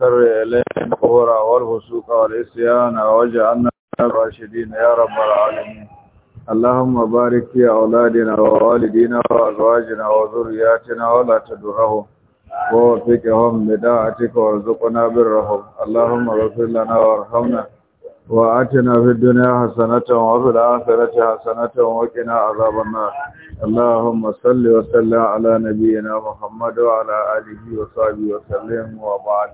وكر إليهم الكفر والفسوق والعصيان واجعلنا الراشدين يا رب العالمين اللهم بارك في أولادنا ووالدينا وأزواجنا وذرياتنا ولا تدرهم ووفقهم بداعتك وارزقنا برهم اللهم اغفر لنا وارحمنا وآتنا في الدنيا حسنة وفي الآخرة حسنة وقنا عذاب النار اللهم صل وسلم على نبينا محمد وعلى آله وصحبه وسلم وبعد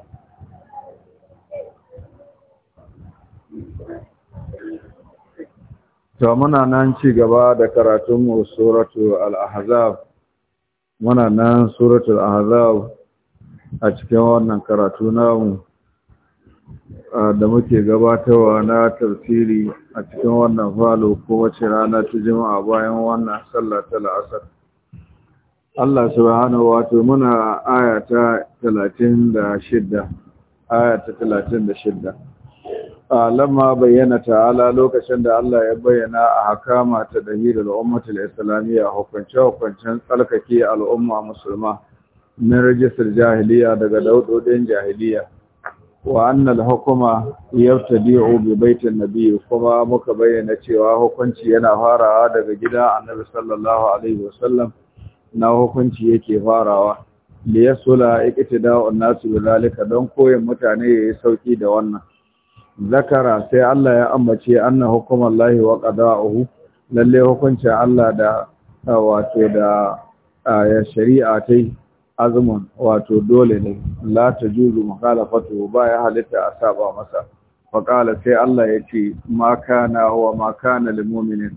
to muna nan ci gaba da karatun suratul al-ahzab muna nan suratul ahzab a cikin wannan karatu namu da muke gabatarwa na tafsiri a cikin wannan falo ko wace rana ta juma'a bayan wannan sallah ta la'asar Allah subhanahu wa ta'ala muna ayata 36 ayata 36 lamma bayyana ta'ala lokacin da Allah ya bayyana a hakama ta dahirul ummatul islamiyya hukunce hukuncen tsarkake al'umma musulma min rajistar jahiliya daga daudodin jahiliya wa annal hukuma yabtadi'u bi baitin nabiy kuma muka bayyana cewa hukunci yana farawa daga gida annabi sallallahu alaihi wasallam na hukunci yake farawa liyasula iqtida'un nasu bi zalika don koyon mutane yayi sauki da wannan zakara sai Allah ya ambace anna hukumallahi wa qada'uhu lalle hukunci Allah da wato da ya shari'a tai azumin wato dole ne la tajuzu mukhalafatu ba ya halitta a saba masa faqala sai Allah ya ce ma kana wa ma kana lil mu'minin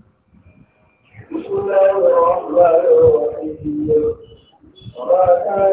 وما كان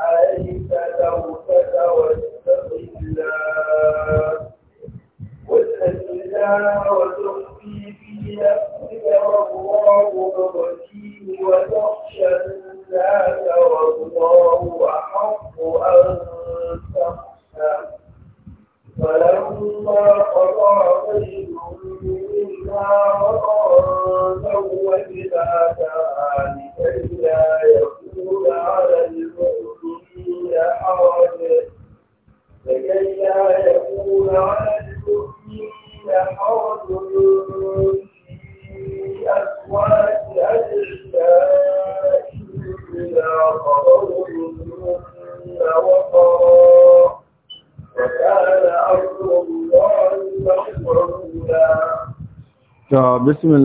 أليس لو تتوسط الله وتخفي في نفسك والله بصير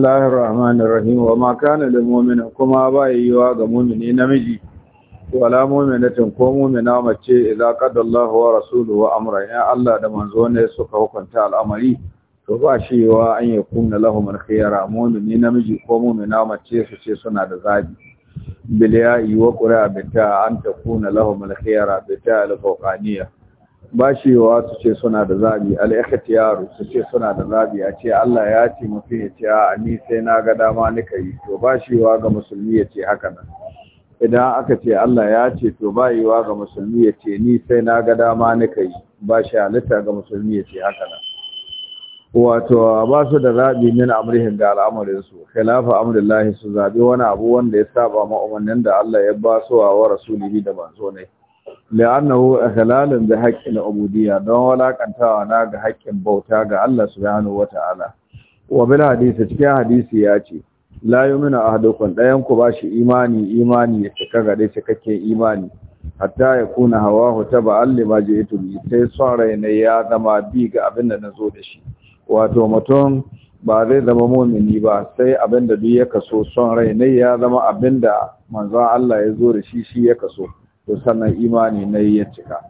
الله الرحمن الرحيم wa كان للمؤمن كما mu'mina kuma ba yiwa ga mu'mini namiji wala mu'minatin ko mu'mina mace idza rasulu wa rasuluhu amra ya Allah da manzo ne suka hukunta al'amari to ba shi yiwa an yakuna lahum al-khiyara mu'mini namiji ko mu'mina mace su ce suna da zabi biliyayi wa qura bita an takuna lahum al-khiyara bita al-fawqaniyah bashewa su ce suna da zabi al-ikhtiyaru su ce suna da zabi a ce Allah ya ce mafi ya ce a ni sai na ga dama nika yi to ba shi ga musulmi ya ce haka nan idan aka ce Allah ya ce to ba yiwa ga musulmi ya ce ni sai na ga dama nika yi ba shi halitta ga musulmi ya ce haka nan wato ba su da zabi min amrihin ga al'amarin su khilafa amrillahi su zabi wani abu wanda ya saba ma umarnin da Allah ya ba su wa rasulihi da manzo ne la'annahu ikhlalun bi haqqil ubudiyya don walakantawa na ga haƙƙin bauta ga Allah subhanahu wata'ala wa bil hadisi cikin hadisi ya ce la yumina ahadukum dayan ku bashi imani imani ya cika gare cikakken imani hatta ya kuna hawahu taba'an lima ji'tu bi sai son raina ya zama bi ga abin da nazo da shi wato mutum ba zai zama mumini ba sai abin da duk ya kaso son raina ya zama abin da manzon Allah ya zo da shi shi ya kaso to sannan imani na ya cika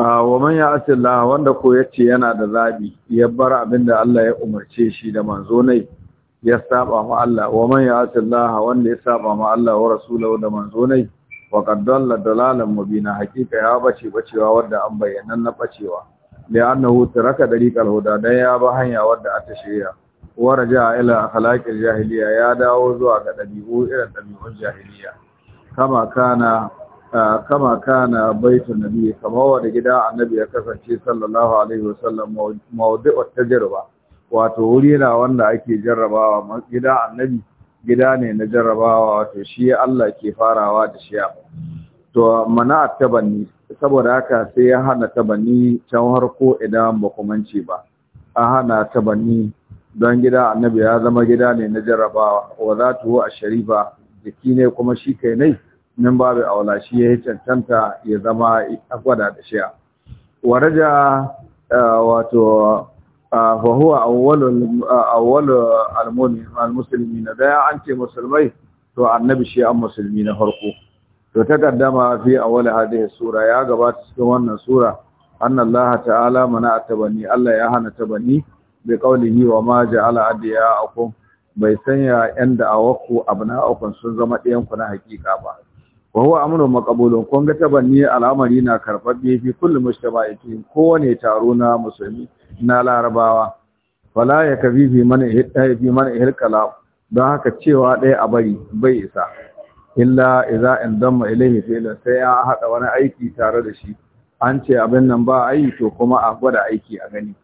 wa ya ake Allah wanda ko ce yana da zabi ya bar abinda Allah ya umarce shi da manzo nai ya saba ma Allah wa ya ake Allah wanda ya saba ma Allah wa rasulahu da manzo nai wa qad dalalan mubina hakika ya bace bacewa wanda an bayyana na bacewa da annahu taraka dariqal huda dan ya ba hanya wanda ata shirya wa raja ila jahiliya ya dawo zuwa ga dabi'u irin dabi'un jahiliya kama kana kama kana baitun nabi kama wa gida annabi ya kasance sallallahu alaihi wasallam mawdu'ut tajriba wato wuri na wanda ake jarrabawa gida annabi gida ne na jarrabawa wato shi Allah ke farawa da shi to mana tabanni saboda haka sai ya hana tabanni can har ko idan ba mance ba a hana tabanni don gida annabi ya zama gida ne na jarrabawa wa a sharifa jiki ne kuma shi kai nai nan babu aula shi ya cancanta ya zama a gwada da shi waraja eh, wato فهو أول na da an ce musulmai, to annabi shi an musulmi na farko to kaddama fi awwal hadhihi sura ya gabata cikin wannan sura laha ta'ala mana atabani Allah ya hana tabani bi qawlihi wa ma ja'ala adiya akum bai sanya yan da'awaku abna'akum sun zama ɗayan ku na hakika ba wa huwa amrun maqbulun kun ga tabanni al'amari na bi fi kullu cikin kowane taro na musulmi na larabawa wala ya kafi fi mana eh, fi mana hilkala don haka cewa ɗaya a bari bai isa illa idza indama ilayhi fi'lan sai ya hada wani aiki tare da shi an ce abin nan ba ayi to kuma a gwada aiki a gani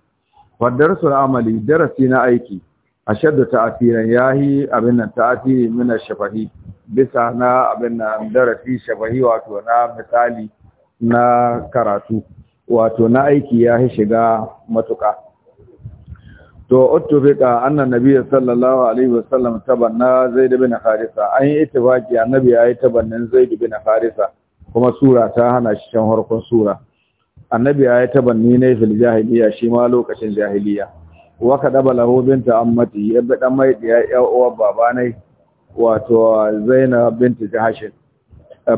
wa darasul amali darasi na aiki ashaddu ta'athiran yahi abin nan ta'athiri min ash-shafahi bisa na abin nan darasi shafahi wato na misali na karatu wato na aiki yahi shiga matuka to uttufika anna nabiyyu sallallahu alaihi wasallam tabanna zaid bin harisa an yi yi annabi yayi tabannin zaid bin harisa kuma sura ta hana shi can harkon sura annabi yayi tabanni ne fil jahiliya shi ma lokacin jahiliya waka kadaba lahu binta ammati ya bi dan mai da ya uwa babanai wato Zainab binti Jahashin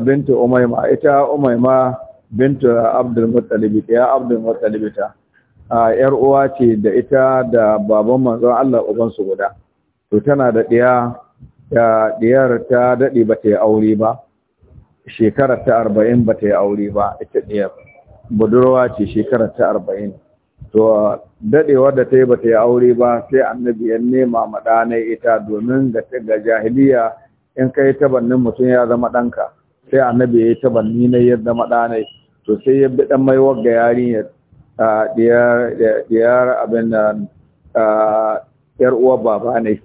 binti Umayma ita Umayma binti Abdul Muttalib ya Abdul Muttalib ta yar uwa ce da ita da baban manzon Allah uban su guda to tana da diya da diyar ta dade ba ta yi aure ba shekarar ta 40 ba ta yi aure ba ita diyar budurwa ce shekarar ta 40 to dadewar da ta yi ba ta yi aure ba sai annabi ya nema maɗanai ita domin ga jahiliya in ka yi tabannin mutum ya zama ɗanka sai annabi ya yi tabanni na ya zama ɗanai to sai ya bi ɗan mai wagga yarinyar diyar abin da yar uwar baba ne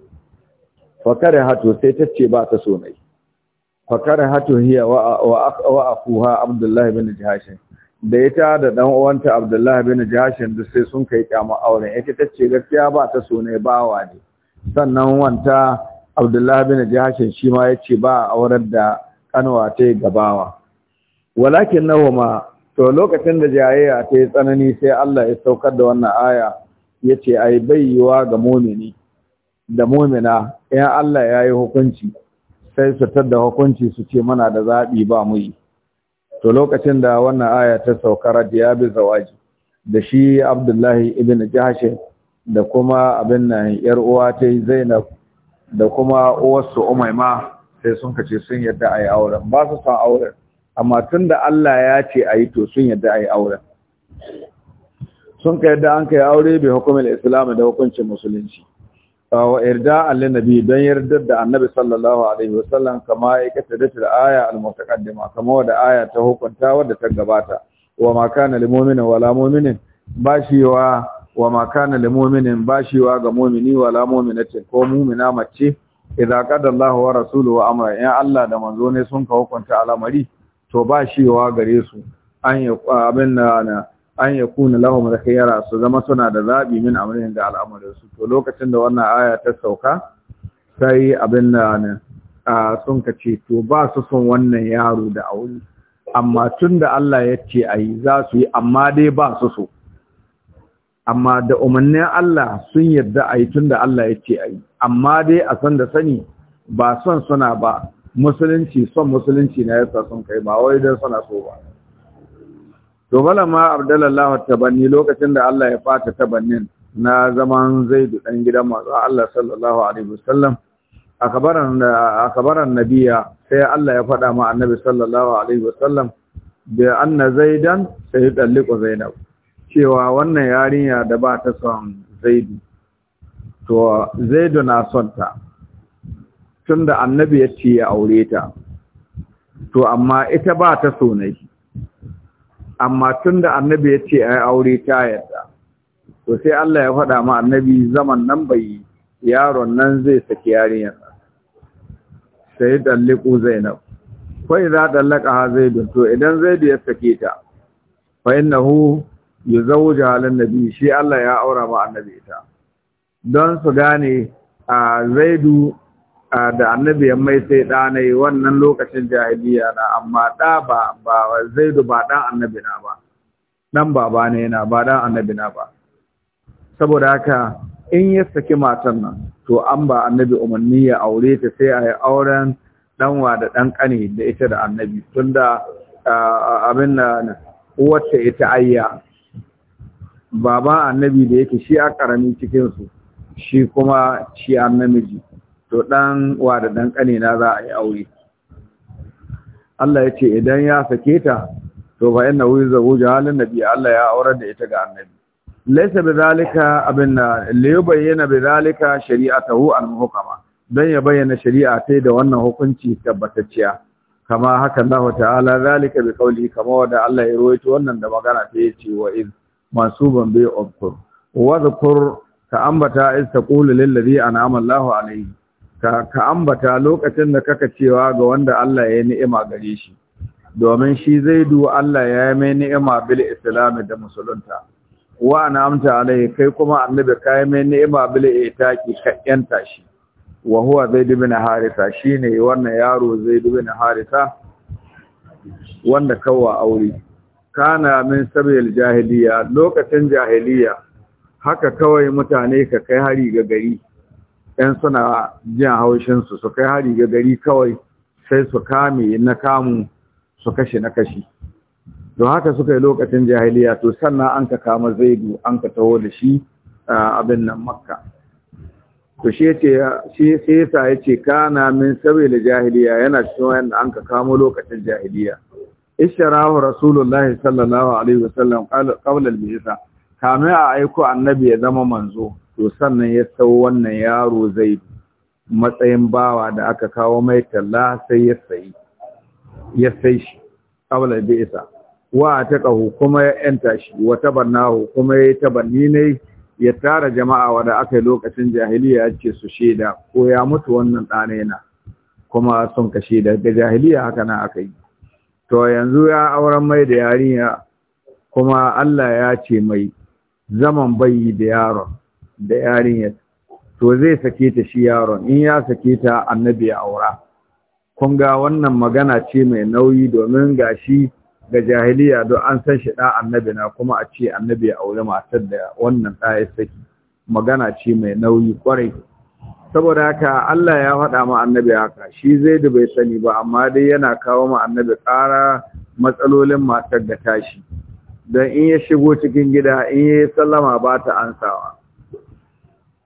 fakare hatu sai ta ce ba ta so ne fakare hatu hiya wa akuha abdullahi bin jihashin da ita da dan uwanta Abdullahi bin jashin duk sai sun kai kyama auren ita tace gaskiya ba ta so ne bawa ne sannan wanta Abdullahi bin jashin shi ma yace ba auren da kanwa ta gabawa walakin nawa ma, to lokacin da jayayya ta yi tsanani sai Allah ya saukar da wannan aya yace ai bayyuwa ga mu'mini da mu'mina in Allah ya yi hukunci sai su tada hukunci su ce mana da zaɓi ba mu yi to lokacin da wannan aya ta saukara ya bi zawaji da shi abdullahi ibn jahashe da kuma abin nan yar uwa ta zainab da kuma uwarsu umaima sai sun kace sun yadda a yi auren ba su san auren amma tun da allah ya ce a yi to sun yadda a yi auren sun ka yadda an ka aure bai hukumar islam da hukuncin musulunci wa irda nabi don yardar da annabi sallallahu alaihi wasallam kama ya kace da aya almutaqaddima kama da aya ta hukunta wadda ta gabata wa ma kana lil mu'minin wala mu'minin bashiwa wa ma kana lil mu'minin bashiwa ga mu'mini wala mu'minatin ko mu'mina mace idza qada Allahu wa rasuluhu amra in Allah da manzo ne sun ka hukunta al'amari to bashiwa gare su an yi abin na an ya kuna lahum khiyara su zama suna da zabi min amrin da al'amarin to lokacin da wannan aya ta sauka sai abin da ne sun kace to ba su son wannan yaro da auri amma tunda Allah ya ce ayi za su yi amma dai ba su so amma da umarnin Allah sun yarda ayi tunda Allah ya ce ayi amma dai a san da sani ba son suna ba musulunci son musulunci na yasa sun kai ba wai dan suna so ba to malama abdallah tabanni lokacin da Allah ya fata tabannin na zaman zaidu dan gidan manzo Allah sallallahu alaihi wasallam akabaran akabaran nabiya sai Allah ya faɗa ma annabi sallallahu alaihi wasallam da anna zaidan sai dalliko zainab cewa wannan yarinya da ba ta son zaidu to zaidu na son ta tunda annabi ya ce ya aure ta to amma ita ba ta so ne amma tun da annabi ya ce ai aure ta yarda to sai Allah ya faɗa ma annabi zaman nan bai yaron nan zai saki yarinyar sai dalliku zainab fa idza dallaqaha zaid to idan zaid ya saki ta fa innahu yuzawja lan nabi shi Allah ya aura ma annabi ta don su gane a zaidu da annabi ya mai sai ɗa yi wannan lokacin jahiliya na amma ɗa ba ba zaidu ba ɗan annabi na ba Dan baba ne na ba ɗan annabi na ba saboda haka in ya saki matan nan to an ba annabi umarni ya aure ta sai a yi auren ɗanwa da ɗan kane da ita da annabi tunda abin da wacce ita ayya baban annabi da yake shi a ƙarami cikinsu shi kuma shi an namiji to ɗan wa da ɗan ƙanina za a yi aure Allah ya ce idan ya sake ta to fa inna hu zawu jahalin nabi Allah ya aurar da ita ga annabi laysa bayyana abinna li yubayyana ta shari'atahu al-muhkama dan ya bayyana shari'a ta da wannan hukunci tabbatacciya kama haka Allah ta'ala zalika bi kauli kama wada Allah ya ruwaito wannan da magana ta ce wa iz masuban bi ubkur wa dhkur ta ambata iz taqulu lil ladhi an'ama Allahu alayhi ka ambata lokacin da kaka cewa ga wanda Allah ya ni'ima gare shi domin shi zai zaidu Allah ya yi mai ni'ima bil islam da musulunta wa amta alai kai kuma annabi ka yi mai ni'ima bil itaqi ka yanta shi wa huwa zaid ibn harisa shine wannan yaro zaid ibn harisa wanda kawwa aure kana min sabil jahiliya lokacin jahiliya haka kawai mutane ka kai hari ga gari in suna jin haushinsu su kai hari ga gari kawai sai su kame na kamu su kashe na kashi don haka suka yi lokacin jahiliya to sannan an ka kama zaidu an ka taho da shi abin nan makka to shi yace shi sai yasa yace kana min da jahiliya yana cikin wanda an ka kamo lokacin jahiliya isharahu rasulullahi sallallahu alaihi wasallam qala qawla al-bisa kame a aiko annabi ya zama manzo to sannan ya sau wannan yaro zai matsayin bawa da aka kawo mai talla sai ya sayi ya sai shi qabla da isa wa ta kahu kuma ya yanta shi wa kuma ya tabanni ne ya tara jama'a wanda aka yi lokacin jahiliya ya ce su shaida ko ya mutu wannan ɗane na kuma sun ka Da ga jahiliya haka na aka to yanzu ya auren mai da yarinya kuma Allah ya ce mai zaman yi da yaron da yarinyar to zai sake ta shi yaron in ya sake ta annabi ya aura kun ga wannan magana ce mai nauyi domin gashi ga jahiliya don an san shi ɗan annabi na kuma a ce annabi ya aure matar da wannan ɗa ya saki magana ce mai nauyi kwarai saboda haka Allah ya faɗa ma annabi haka shi zai da bai sani ba amma dai yana kawo ma annabi ƙara matsalolin matar da tashi don in ya shigo cikin gida in ya yi sallama ba ta ansawa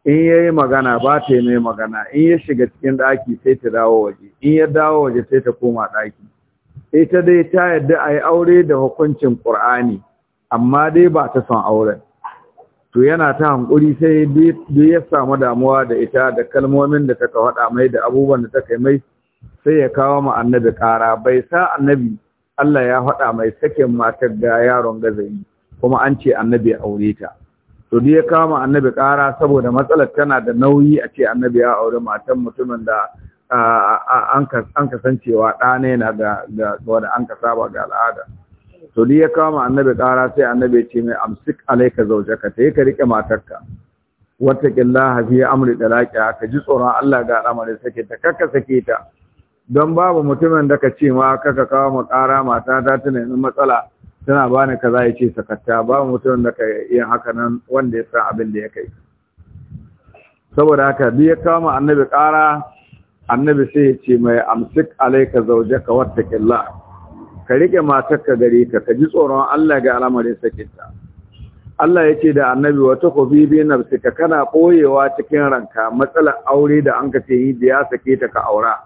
in ya yi magana ba ta yi mai magana in ya shiga cikin ɗaki sai ta dawo waje in ya dawo waje sai ta koma ɗaki ita dai ta yadda a yi aure da hukuncin ƙur'ani amma dai ba ta son auren to yana ta hankuri sai duk ya samu damuwa da ita da kalmomin da ta faɗa mai da abubuwan da ta kai mai sai ya kawo ma annabi ƙara bai sa annabi Allah ya faɗa mai sakin matar da yaron gazayi kuma an ce annabi aure ta to ya kama annabi kara saboda matsalar tana da nauyi a ce annabi ya aure matan mutumin da an kasancewa ɗane na ga wanda an ba ga al'ada to ya kama annabi kara sai annabi ya ce mai amsik alaika ka ta yi ka riƙe matarka wata ƙilla ya amri laƙi ka ji tsoron Allah ga al'amari sake ta kakka sake ta don babu mutumin da ka ce ma kaka kawo mu ƙara mata ta tunanin matsala tana bani kaza ya ce sakatta ba mutum da ka yin haka nan wanda ya san abin da ya kai saboda haka bi ya kama annabi kara, annabi sai ya ce mai amsik alaika zaujaka wattaqillah ka rike matarka gare ka ka ji tsoron Allah ga al'amarin sakinta Allah ya ce da annabi wata kofi bi ka kana ɓoyewa cikin ranka matsalar aure da an ka yi da ya sake ta ka aura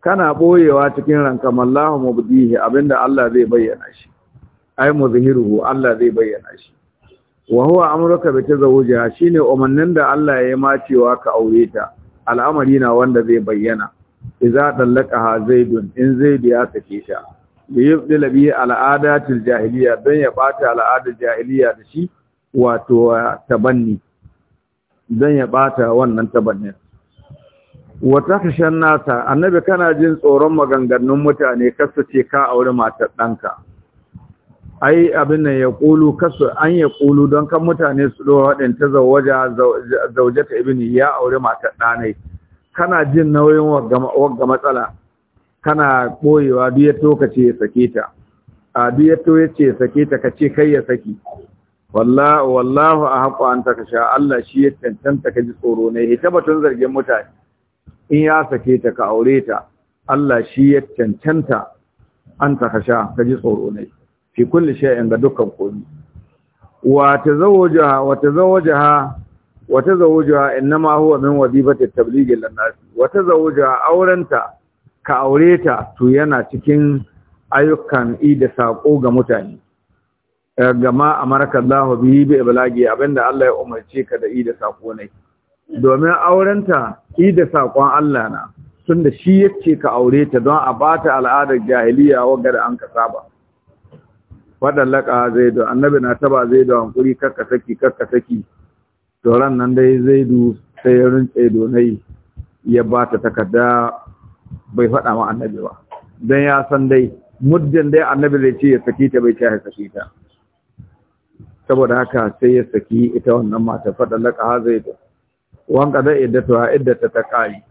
kana boyewa cikin ranka mallahu mubdihi abinda Allah zai bayyana shi ai muzhiruhu Allah zai bayyana shi wa huwa amruka bi tazawujiha shine umannin da Allah ya yi ma cewa ka aure ta al'amari na wanda zai bayyana idza dallaqaha zaidun in zaid ya take ta da yubdila bi al'adatil jahiliya don ya bata al'adar jahiliya da shi wato tabanni dan ya bata wannan tabannin wata kashen nasa annabi kana jin tsoron maganganun mutane kasu ce ka aure matar ɗanka ai abin nan ya ƙulu kasu an ya ƙulu don kan mutane su ɗora waɗin ta zaujata ibini ya aure matar ɗanai kana jin nauyin wagga matsala kana ɓoyewa duk ya toka ce ya sake ta a duk ya to ya ya sake ta ka ce kai ya saki wallahu a haƙo an ta sha Allah shi ya cancanta ka ji tsoro ne ita batun zargin mutane in ya sake ta ka aure ta Allah shi ya cancanta an ta kasha ka ji tsoro ne fi kulli shay'in ga dukkan komai wa tazawwajaha wa tazawwajaha wa tazawwajaha innama huwa min wadibati tabligi lan nas wa tazawwajaha aurenta ka aure ta to yana cikin ayyukan ida sako ga mutane eh, gama amarka Allah bihi bi iblagi abinda Allah ya umarce ka da ida sako ne domin aurenta yi da saƙon Allah na sun da shi yake ka aure ta don a bata al'adar jahiliya wadda an ka saba zai da annabi na taba da hankuri kakka saki kakka saki ran nan dai du sai ya rince donai ya ba ta takarda bai faɗa ma annabi ba don ya san dai muddin dai annabi zai ce ya saki ta bai ce ya saki ta saboda haka sai ya saki ita wannan mata faɗallaka da. wan kada iddatuha iddata ta kai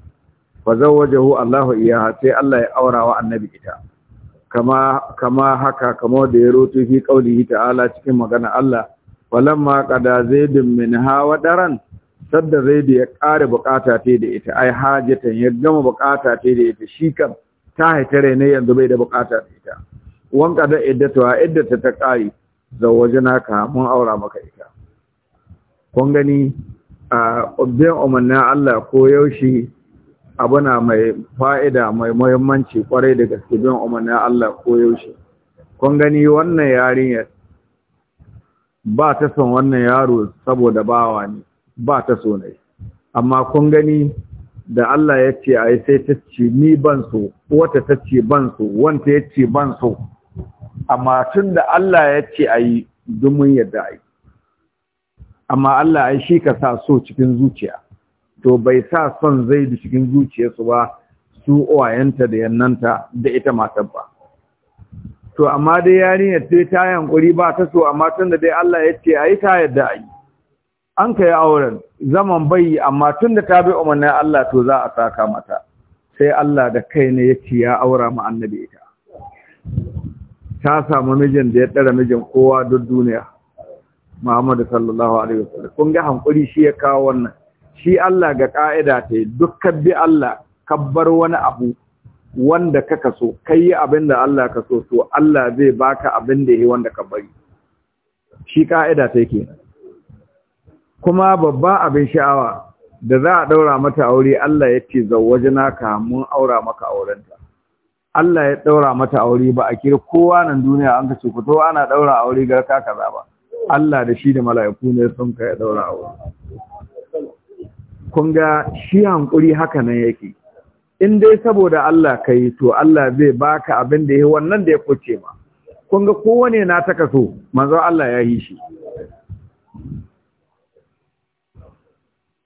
fa zawajahu Allahu iyaha sai Allah ya aura wa annabi ita kama kama haka kama da ya roto fi qaulihi ta'ala cikin magana Allah walamma qada zaidun minha wa daran sadda zaid ya kare bukata ta da ita ai hajatan ya gama bukata ta da ita shi kan ta haitare ne yanzu bai da bukata ta ita wan qada iddatuha iddata ta zawajana ka mun aura maka ita kun gani a bin umarnin Allah ko yaushe abuna mai fa'ida mai muhimmanci kwarai da gaske bin umarnin Allah ko yaushe kun gani wannan yarinyar ba ta son wannan yaro saboda bawa ne ba ta so ne amma kun gani da Allah ya ce a yi sai ta ce ni ban so wata ta ce ban so wanta ya ce ban so amma tun da Allah ya ce a yi dumin yadda a yi amma Allah ai shi ka sa so cikin zuciya to bai sa son zai da cikin zuciyarsu ba su uwayenta da yannanta da ita matar ba to amma dai yarinyar sai ta yankuri ba ta so amma tunda dai Allah ya ce ai ta yadda ai an kai auren zaman bai amma tunda ta bi umarnin Allah to za a saka mata sai Allah da kai ne ya ce ya aura mu annabi ita ta samu mijin da ya tsara mijin kowa duk duniya Muhammadu sallallahu alaihi wasallam kun ga hankuri shi ya kawo wannan shi Allah ga ƙa'ida ta yi dukkan bi Allah kabbar wani abu wanda ka kaso, kai abin da Allah ka so to Allah zai baka abin da yi wanda ka bari shi ƙa'ida ta yake kuma babban abin sha'awa da za a ɗaura mata aure Allah ya ce zawwajna ka mun aura maka aurenta Allah ya ɗaura mata aure ba a kira kowa nan duniya an ka ce ku to ana ɗaura aure ga ka kaza ba Allah da shi da mala'iku ne sun kai daura aure kun ga shi hankuri haka nan yake in dai saboda Allah ka yi, to Allah zai baka abin da ya wannan da ya kuce ma kun kowane na taka so, manzo Allah ya yi shi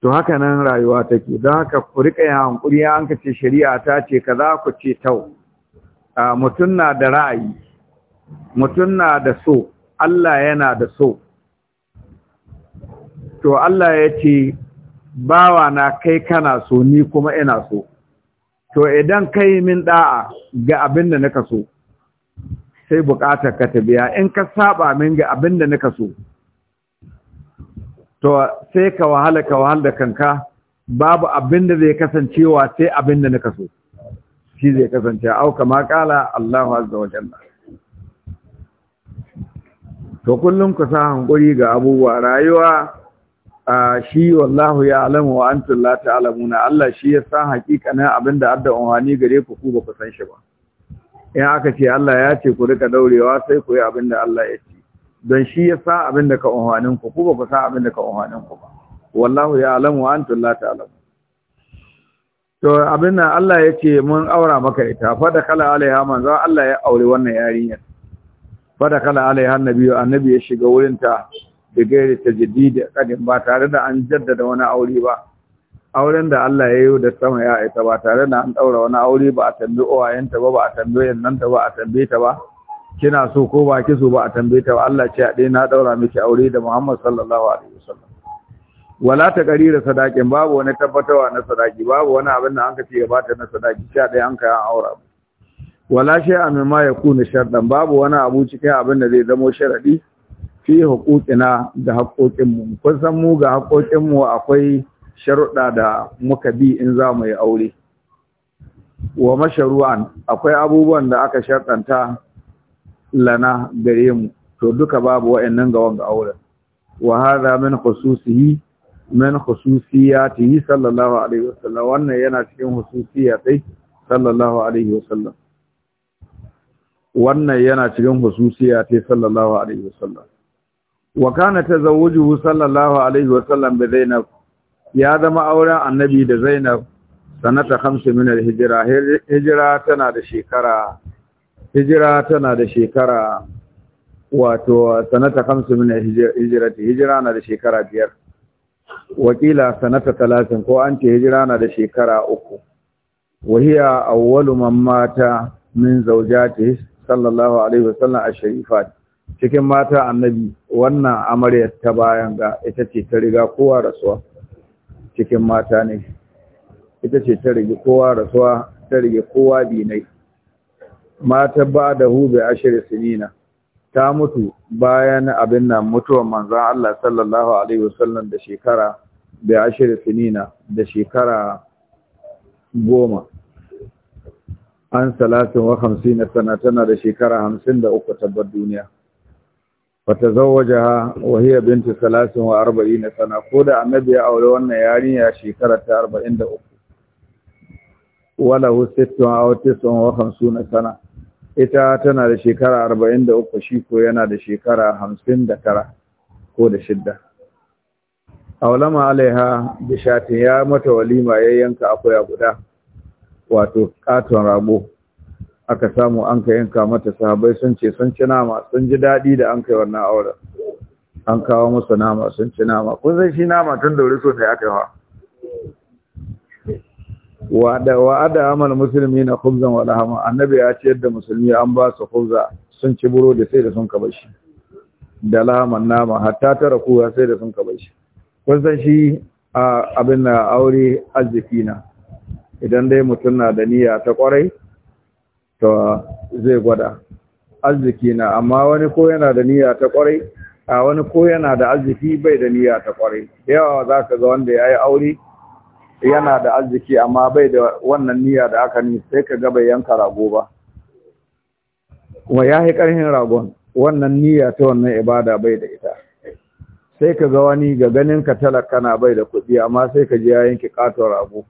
to haka nan rayuwa take don haka ku rika yin hankuri an kace shari'a ta ce ka za ku ce tau ah, mutum na da ra'ayi mutum na da so Allah yana da so to Allah ya ce bawa na kai kana so ni kuma ina so to idan kai min da'a ga abin da naka so sai bukatar ka ta biya in ka saba min ga abin da naka so to sai ka wahala ka wahala da kanka babu abin da zai kasancewa sai abin da naka so shi zai kasance auka ma kala Allahu azza wa to kullum ku sa hankuri ga abubuwa rayuwa a shi wallahu ya alamu wa antum la ta'lamuna Allah shi ya san hakikanin abinda adda unhani gare ku ku ba ku san shi ba in aka ce Allah ya ce ku rika daurewa sai ku yi abinda Allah ya ce don shi ya san abinda ka unhanin ku ku ba ku san abinda ka unhanin ku ba wallahu ya alamu wa antum la ta'lamun to abin da Allah ya ce mun aura maka ita fa da kala alaiha manzo Allah ya aure wannan yarinyar fada kala alaiha annabi annabi ya shiga wurin ta da gairi tajdid kadin ba tare da an jaddada wani aure ba auren da Allah ya yi da sama ya aita ba tare da an daura wani aure ba a tambayi uwayenta ba ba a tambaye nan ta ba a tambaye ta ba kina so ko ba ki so ba a tambaye ta ba Allah ce a dai na daura miki aure da Muhammad sallallahu alaihi wasallam wala ta karira sadakin babu wani tabbatawa na sadaki babu wani abin da an ka ce ya bata na sadaki sha dai an kai an aura ba wala shi a amin ma ya kuna shardan babu wani abu cikin abin da zai zamo sharadi fi huquqina da haƙoƙinmu mu kun san mu ga haƙoƙin mu akwai sharuɗa da muka bi in za mu yi aure wa masharu'an akwai abubuwan da aka sharɗanta lana gare mu to duka babu wa'annan ga wanga auren wa hadha min khususihi min khususiyati sallallahu alaihi wasallam wannan yana cikin khususiyati sallallahu alaihi wasallam wannan yana cikin hususiya ta sallallahu alaihi wasallam wa kana tazawwujuhu sallallahu alaihi wasallam bi Zainab ya zama auren annabi da Zainab sanata 5 min al-hijra hijra tana da shekara hijra tana da shekara wato sanata 5 min al-hijrati hijra na da shekara biyar wakila sanata 30 ko an ce hijra na da shekara uku wa hiya awwalu mamata mata min zawjatihi sallallahu alaihi wasallam a sharifa cikin mata annabi wannan amaryar ta bayan ga ita ce ta riga kowa rasuwa cikin mata ne ita ce ta riga kowa rasuwa ta riga kowa binai mata ba da hube ashirin sinina ta mutu bayan abin nan mutuwar manzan Allah sallallahu alaihi wasallam da shekara da ashirin sinina da shekara goma an salatin wa hamsin sana tana da shekara hamsin da uku tabbar duniya fata zawaja ha wahiyar binti salatin wa arba'i na sana ko da annabi ya aure wannan yarinya shekara ta arba'in da uku wala hussitun a sun wa hamsin na sana ita tana da shekara arba'in da uku shi ko yana da shekara hamsin da tara ko da shidda aulama alaiha bishatin ya mata walima ya yanka akuya guda wato katon rago aka samu an ka yanka mata sahabbai sun ce sun ci nama sun ji daɗi da an kai wannan auren an kawo musu nama sun ci nama kun san shi nama tun da wuri sosai aka yi wa wa'ada amal musulmi na khubzan wa lahama annabi ya ce yadda musulmi an ba su khubza sun ci burodi sai da sun kaba shi da lahaman nama hatta ta rakuwa sai da sun kaba shi kun san shi abin na aure arziki na idan dai mutum na da niyya ta kwarai to zai gwada arziki na amma wani ko yana da niyya ta kwarai a wani ko yana da arziki bai da niyya ta kwarai yawa za ka ga wanda ya yi aure yana da arziki amma bai da wannan niyya da aka ni sai ka ga bai yanka rago ba kuma ya yi ƙarfin ragon wannan niyya ta wannan ibada bai da ita sai ka ga wani ga ganin ka talaka na bai da kuɗi amma sai ka je ya yanki ƙaton rago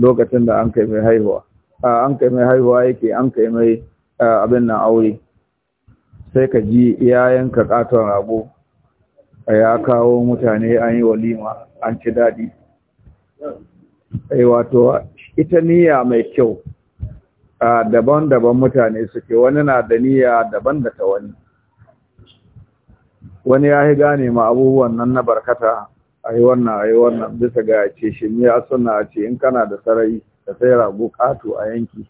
lokacin da an kai mai haihuwa an kai mai haihuwa yake an kai mai abin nan aure sai ka ji yayanka katon rago ya kawo mutane an yi walima an ci daɗi eh, wato ita niyya mai kyau daban-daban mutane suke wani na da niyya daban da ta wani wani ya yi gane ma abubuwan nan na barkata a yi wannan a yi wannan bisa ga ce shi ne a suna a ce in kana da sarari da sai rago ƙato a yanki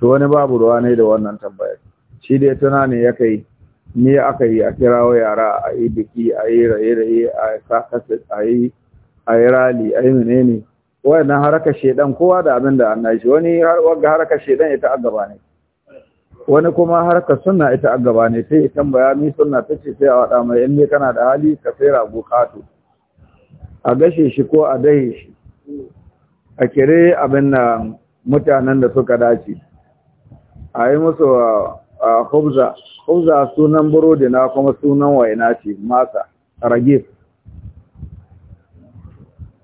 to wani babu ruwa ne da wannan tambayar shi dai tuna ne ya kai ne aka yi a kirawo yara a yi biki a yi raye-raye a sa a yi rali a yi menene wannan haraka shedan kowa da abin da annabi shi wani wanga haraka shedan ita a gaba ne wani kuma haraka sunna ita a gaba ne sai tambaya ni sunna tace sai a wada mai in ne kana da hali ka sai rago ƙato a gashe shi ko a dahe shi a kire abin da mutanen da suka dace a yi musu a hubza hubza sunan burodi na kuma sunan waina ce masa ragif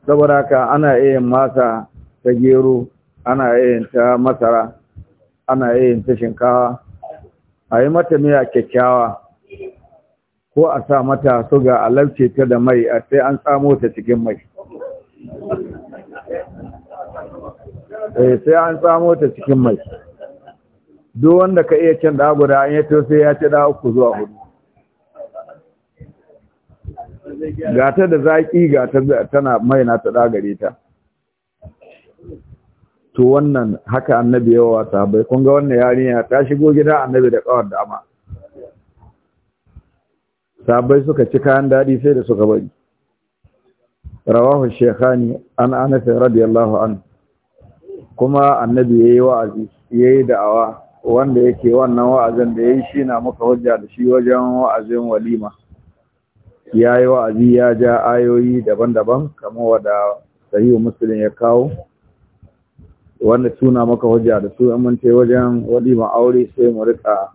saboda ka ana iya masa ta gero ana iya ta masara ana iya ta shinkawa a yi mata miya kyakkyawa ko a sa mata suga a lauce ta da mai a sai an tsamo ta cikin mai eh, sai an tsamo ta cikin mai duk wanda ka iya cin da guda an yi sai ya ci da uku zuwa hudu gata da zaƙi gata tana mai na ta dagare ta to wannan haka annabi yawa sabai kun ga wannan yarinya ta shigo gida annabi da kawar dama sabai suka ci kayan daɗi sai da suka bari rawahu shekhani an anas radiyallahu an kuma annabi ya yi wa'azi ya yi da'awa wanda yake wannan wa'azin da ya yi shi na muka hujja da shi wajen wa'azin walima Ya yi wa'azi ya ja ayoyi daban-daban kamar wada sahihu Musulun ya kawo wanda suna muka hujja da su mun ce wajen walima aure sai mu rika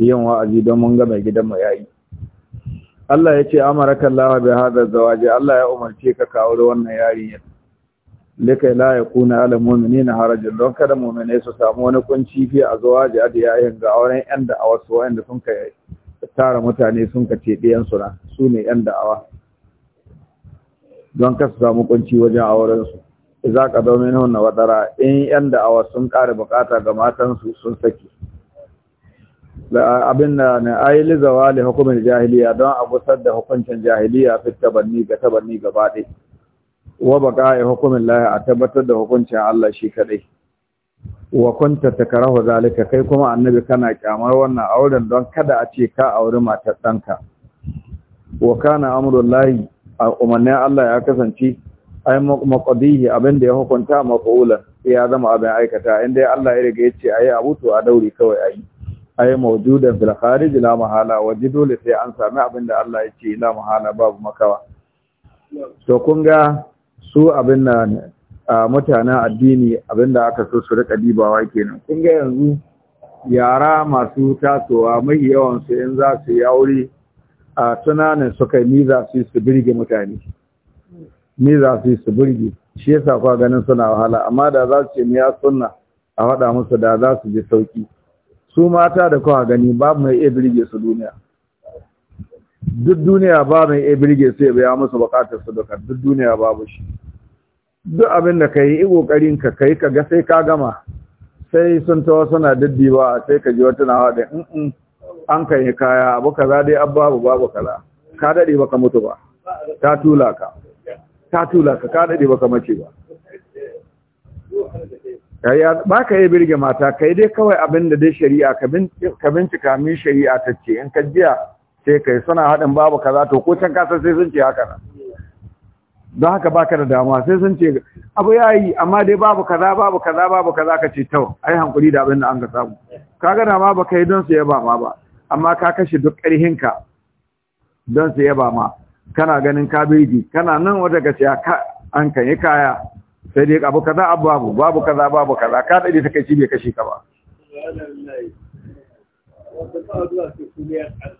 yin wa'azi don mun ga mai gidan mu yayi Allah ya ce amaraka Allah bi hadha zawaji Allah ya umarce ka kawo wannan yarin yarinya lika la yakuna ala mu'minina harajun don kada mu'minai su samu wani kunci fi azwaji yayin, ga auren yan awa su wanda sun ka tara mutane sun ka tebe yan su na su ne yan awa. don ka su samu kunci wajen auren su idza qadaw na wadara in yan awa sun ƙara bukata ga matansu sun saki abin da na ayi lizawa da hukumin jahiliya don a gusar da hukuncin jahiliya fi tabanni ga tabanni gaba ɗai wa baka ya hukumin lahi a tabbatar da hukuncin Allah shi kaɗai wa kunta takarahu zalika kai kuma annabi kana kyamar wannan auren don kada a ce ka auri matar ɗanka wa kana amrullahi a umarnin Allah ya kasance ai maqdihi abin da ya hukunta maqulan ya zama abin aikata inda Allah ya riga ya ce ayi abu mutu a dauri kawai ayi Ai mawjudan fil kharij la mahala waje dole sai an sami abinda Allah yake la mahala babu makawa to kun ga su abin a mutanen addini abinda aka so su rika dibawa kenan kun ga yanzu yara masu tasowa mai yawan su in za su aure a tunanin suka ni za su su birge mutane ni za su su birge shi yasa kwa ganin suna wahala amma da za su ce mu ya sunna a faɗa musu da za su ji sauki su mata da kuma gani babu mai iya birge su duniya duk duniya ba mai iya birge su ya biya musu bukatar su duka duk duniya babu shi duk abin da ka yi ƙoƙarin ka kai ka ga sai ka gama sai sun tawa suna daddiwa sai ka ji wata nawa da in an kan yi kaya abu za dai babu babu kala. ka daɗe baka mutu ba ta tula ka ta tula ka ka daɗe baka mace ba ba ka yi birge mata ka yi dai kawai abin da dai shari'a ka bincika min shari'a ta ce in ka jiya sai ka yi suna haɗin babu kaza za ko can kasar sai sun ce haka nan don haka ba ka da damuwa sai sun ce abu ya yi amma dai babu kaza babu kaza babu kaza ka ce tau ai hankuli da abin da an ga samu ka gana ma ba ka yi don su yaba ma ba amma ka kashe duk ƙarhinka don su yaba ma kana ganin ka kabeji kana nan wata ka an kan yi kaya sai dai abu kaza abu babu babu kaza babu kaza ka dade take shi bai kashi ka ba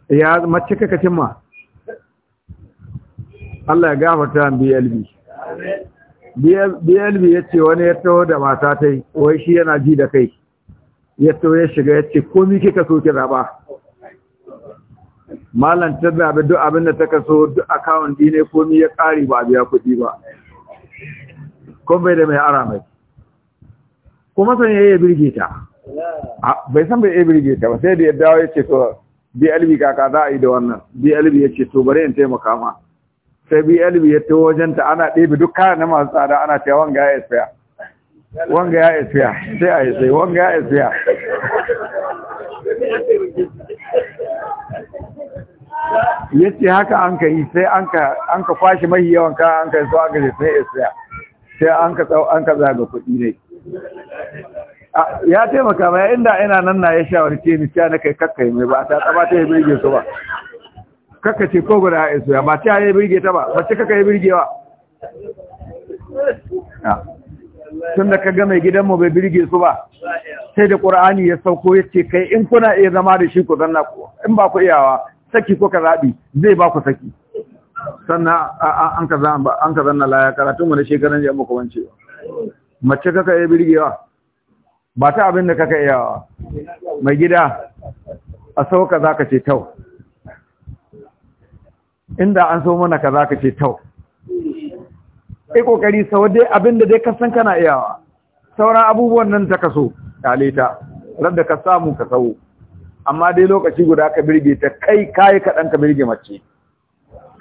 ya mace ka kacin ma Allah ya gafarta an BLB BLB ya ce wani ya taho da mata tai wai shi yana ji da kai ya taho ya shiga ya ce komi kika so ki zaba malam ta zabi duk abin da ta kaso duk akawun ne komi ya kare ba a biya kuɗi ba ko bai da mai ara mai kuma san yayi birge ta bai san bai birge ta ba sai da ya dawo to, ce to BLB kaka za a yi da wannan bi albi yace to bari in taimaka ma sai albi ya ta wajenta ana ɗebe duk kayan na masu tsada ana cewa wanga ya isfiya wanga ya isfiya sai a yi sai wanga ya isfiya Yace haka an ka yi sai an ka kwashe mahi yawan kayan an ka yi so an ka sai isfiya sai an ka an ka zaga kuɗi ne ya taimaka ya inda ina nan na ya shawarce ni cewa na kai kakkai mai ba ta tsaba ta yi birge su ba kakka ce ko guda ya ba ta yi birge ta ba ba ce kakka ya birgewa tun da ka ga mai gidanmu bai birge su ba sai da ƙura'ani ya sauko ya ce kai in kuna iya zama da shi ku zanna ku in ba ku iyawa saki ko ka zaɓi zai ba ku saki sannan an ka zama an ka zanna laya karatun mu na shekaran jiya muku wance mace kaka yi birgewa ba ta abin da kaka iyawa mai gida a sauka za ka ce tau inda an so mana ka za ka ce tau ai kokari sau dai abin da dai kasan kana iyawa sauran abubuwan nan ta kaso kaleta radda ka samu ka sau amma dai lokaci guda ka birge ta kai kai kaɗan ka birge mace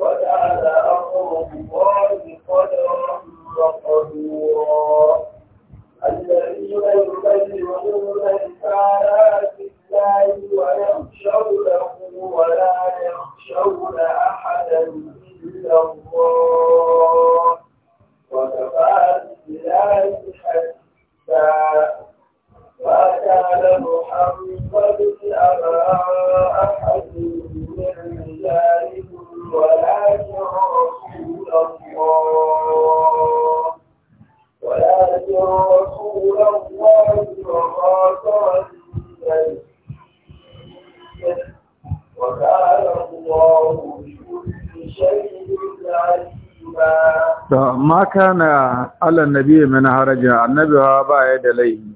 وجعل أمرهم قدرا مقدورا الذين يبلغون رسالات الله ويخشونه ولا يخشون أحدا إلا الله وكفى بالله حسابا ما كان محمد أبا أحد من رجالكم ولكن رسول الله ولكن رسول النبي ma kana ala nabi min haraja annabi ba ya da laifi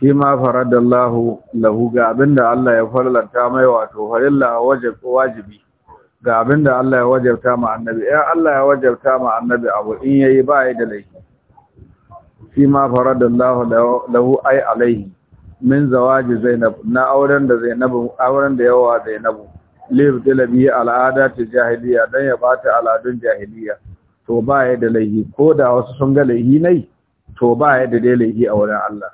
shi ma faradallahu lahu ga abinda Allah ya farlanta mai wato farilla wajibi ga abin da Allah ya wajabta ma annabi ya Allah ya wajabta ma annabi abu in yayi ba yi da laifi shi ma faradallahu lahu ai alaihi min zawaji zainab na auren da zainab auren da yawa zainab lib dalabi ta jahiliya dan ya bata al'adun jahiliya to ba yi da laifi ko da wasu sun ga laifi nai to ba yi da laifi a wurin Allah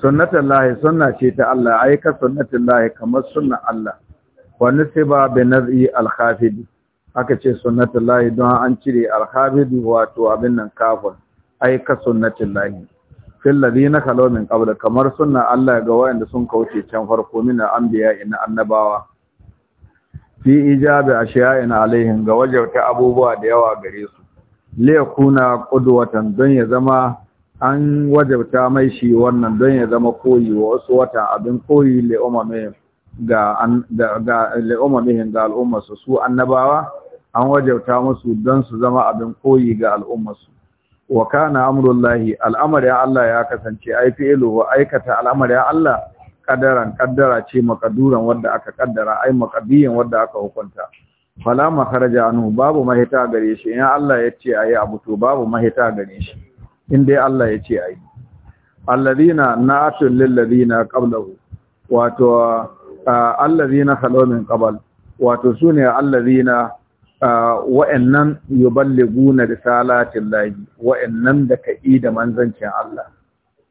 sunnatullahi sunna ce ta Allah ai ka sunnatullahi kamar sunna Allah wa nusiba bi naz'i al-khafid aka ce sunnatullahi don an cire al-khafid wato abin nan kafin ai ka sunnatullahi fil ladina khalaw min qabl kamar suna Allah ga wayanda sun kauce can farko min anbiya ina annabawa fi ijabi ashiya'in alaihim ga wajauta abubuwa da yawa gare su liyakuna qudwatan don ya zama an wajauta mai shi wannan don ya zama koyi wasu wata abin koyi li umamin ga al'ummamihin ga al'ummarsu su annabawa an wajauta musu don su zama abin koyi ga al'ummarsu wa kana amrullahi ya Allah ya kasance ai fi'ilu wa aikata al'amarin Allah kadaran kaddara ce makaduran wadda aka kaddara ai makabiyin wadda aka hukunta fala makaraja anhu babu mahita gare shi in Allah ya ce ayi abu to babu mahita gare shi in dai Allah ya ce ayi alladhina na'atul lil ladina qablahu wato allazi na halomin ƙabal wato sune na wa'annan yuballiguna risalatin lahi wa'annan da ka'i da manzancin Allah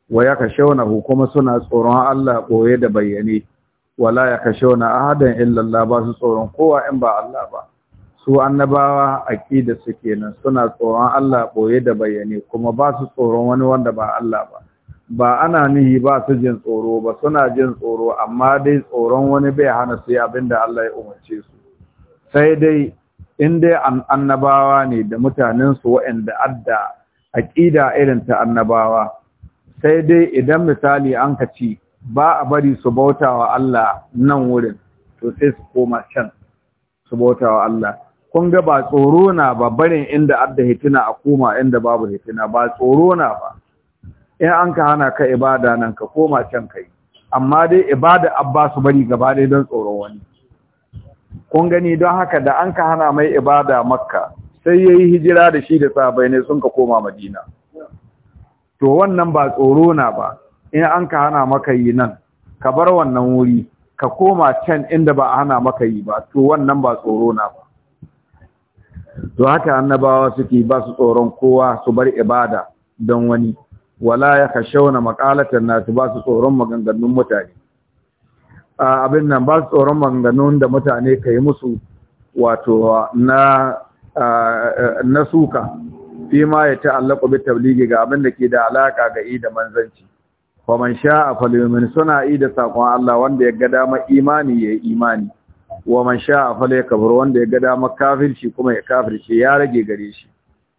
wa wani hukuma suna tsoron Allah ɓoye da bayyane wala ya yakashawna ahadan illalla ba su tsoron kowa in ba Allah ba su annabawa da su kenan suna tsoron Allah ɓoye da bayyane kuma ba su tsoron wani wanda ba Allah ba ba ana nihi ba su jin tsoro ba suna jin tsoro amma dai tsoron wani bai hana sai abin da Allah ya umarce su sai dai in dai annabawa ne da mutanensu waɗanda adda aƙida irin ta annabawa sai dai idan misali an ka ci ba a bari su bauta wa Allah nan wurin to sai su koma can su bauta Allah kun ga ba tsoro na ba barin inda adda hitina a koma inda babu hitina ba tsoro na ba in an ka hana ka ibada nan ka koma can kai amma dai ibada abbasu bari gaba dai don tsoron wani kun gani don haka da an ka hana mai ibada makka sai ya yi hijira da shi da sabai ne sun ka koma madina to wannan ba tsoro na ba in an ka hana maka yi nan ka bar wannan wuri ka koma can inda ba a hana maka yi ba to wannan ba tsoro na ba to haka annabawa suke ba su tsoron kowa su bar ibada don wani wala ya khashawna maqalatan nas ba su tsoron maganganun mutane abin nan ba su tsoron maganganun da mutane kai musu wato na na suka fi ma ya ta'allaqu bi tabligi ga abin da ke da alaka ga i da manzanci fa man sha'a falyumin suna i da sakon Allah wanda ya ga dama imani ya imani wa man sha'a falyakfur wanda ya ga dama kafirci kuma ya kafirci ya rage gare shi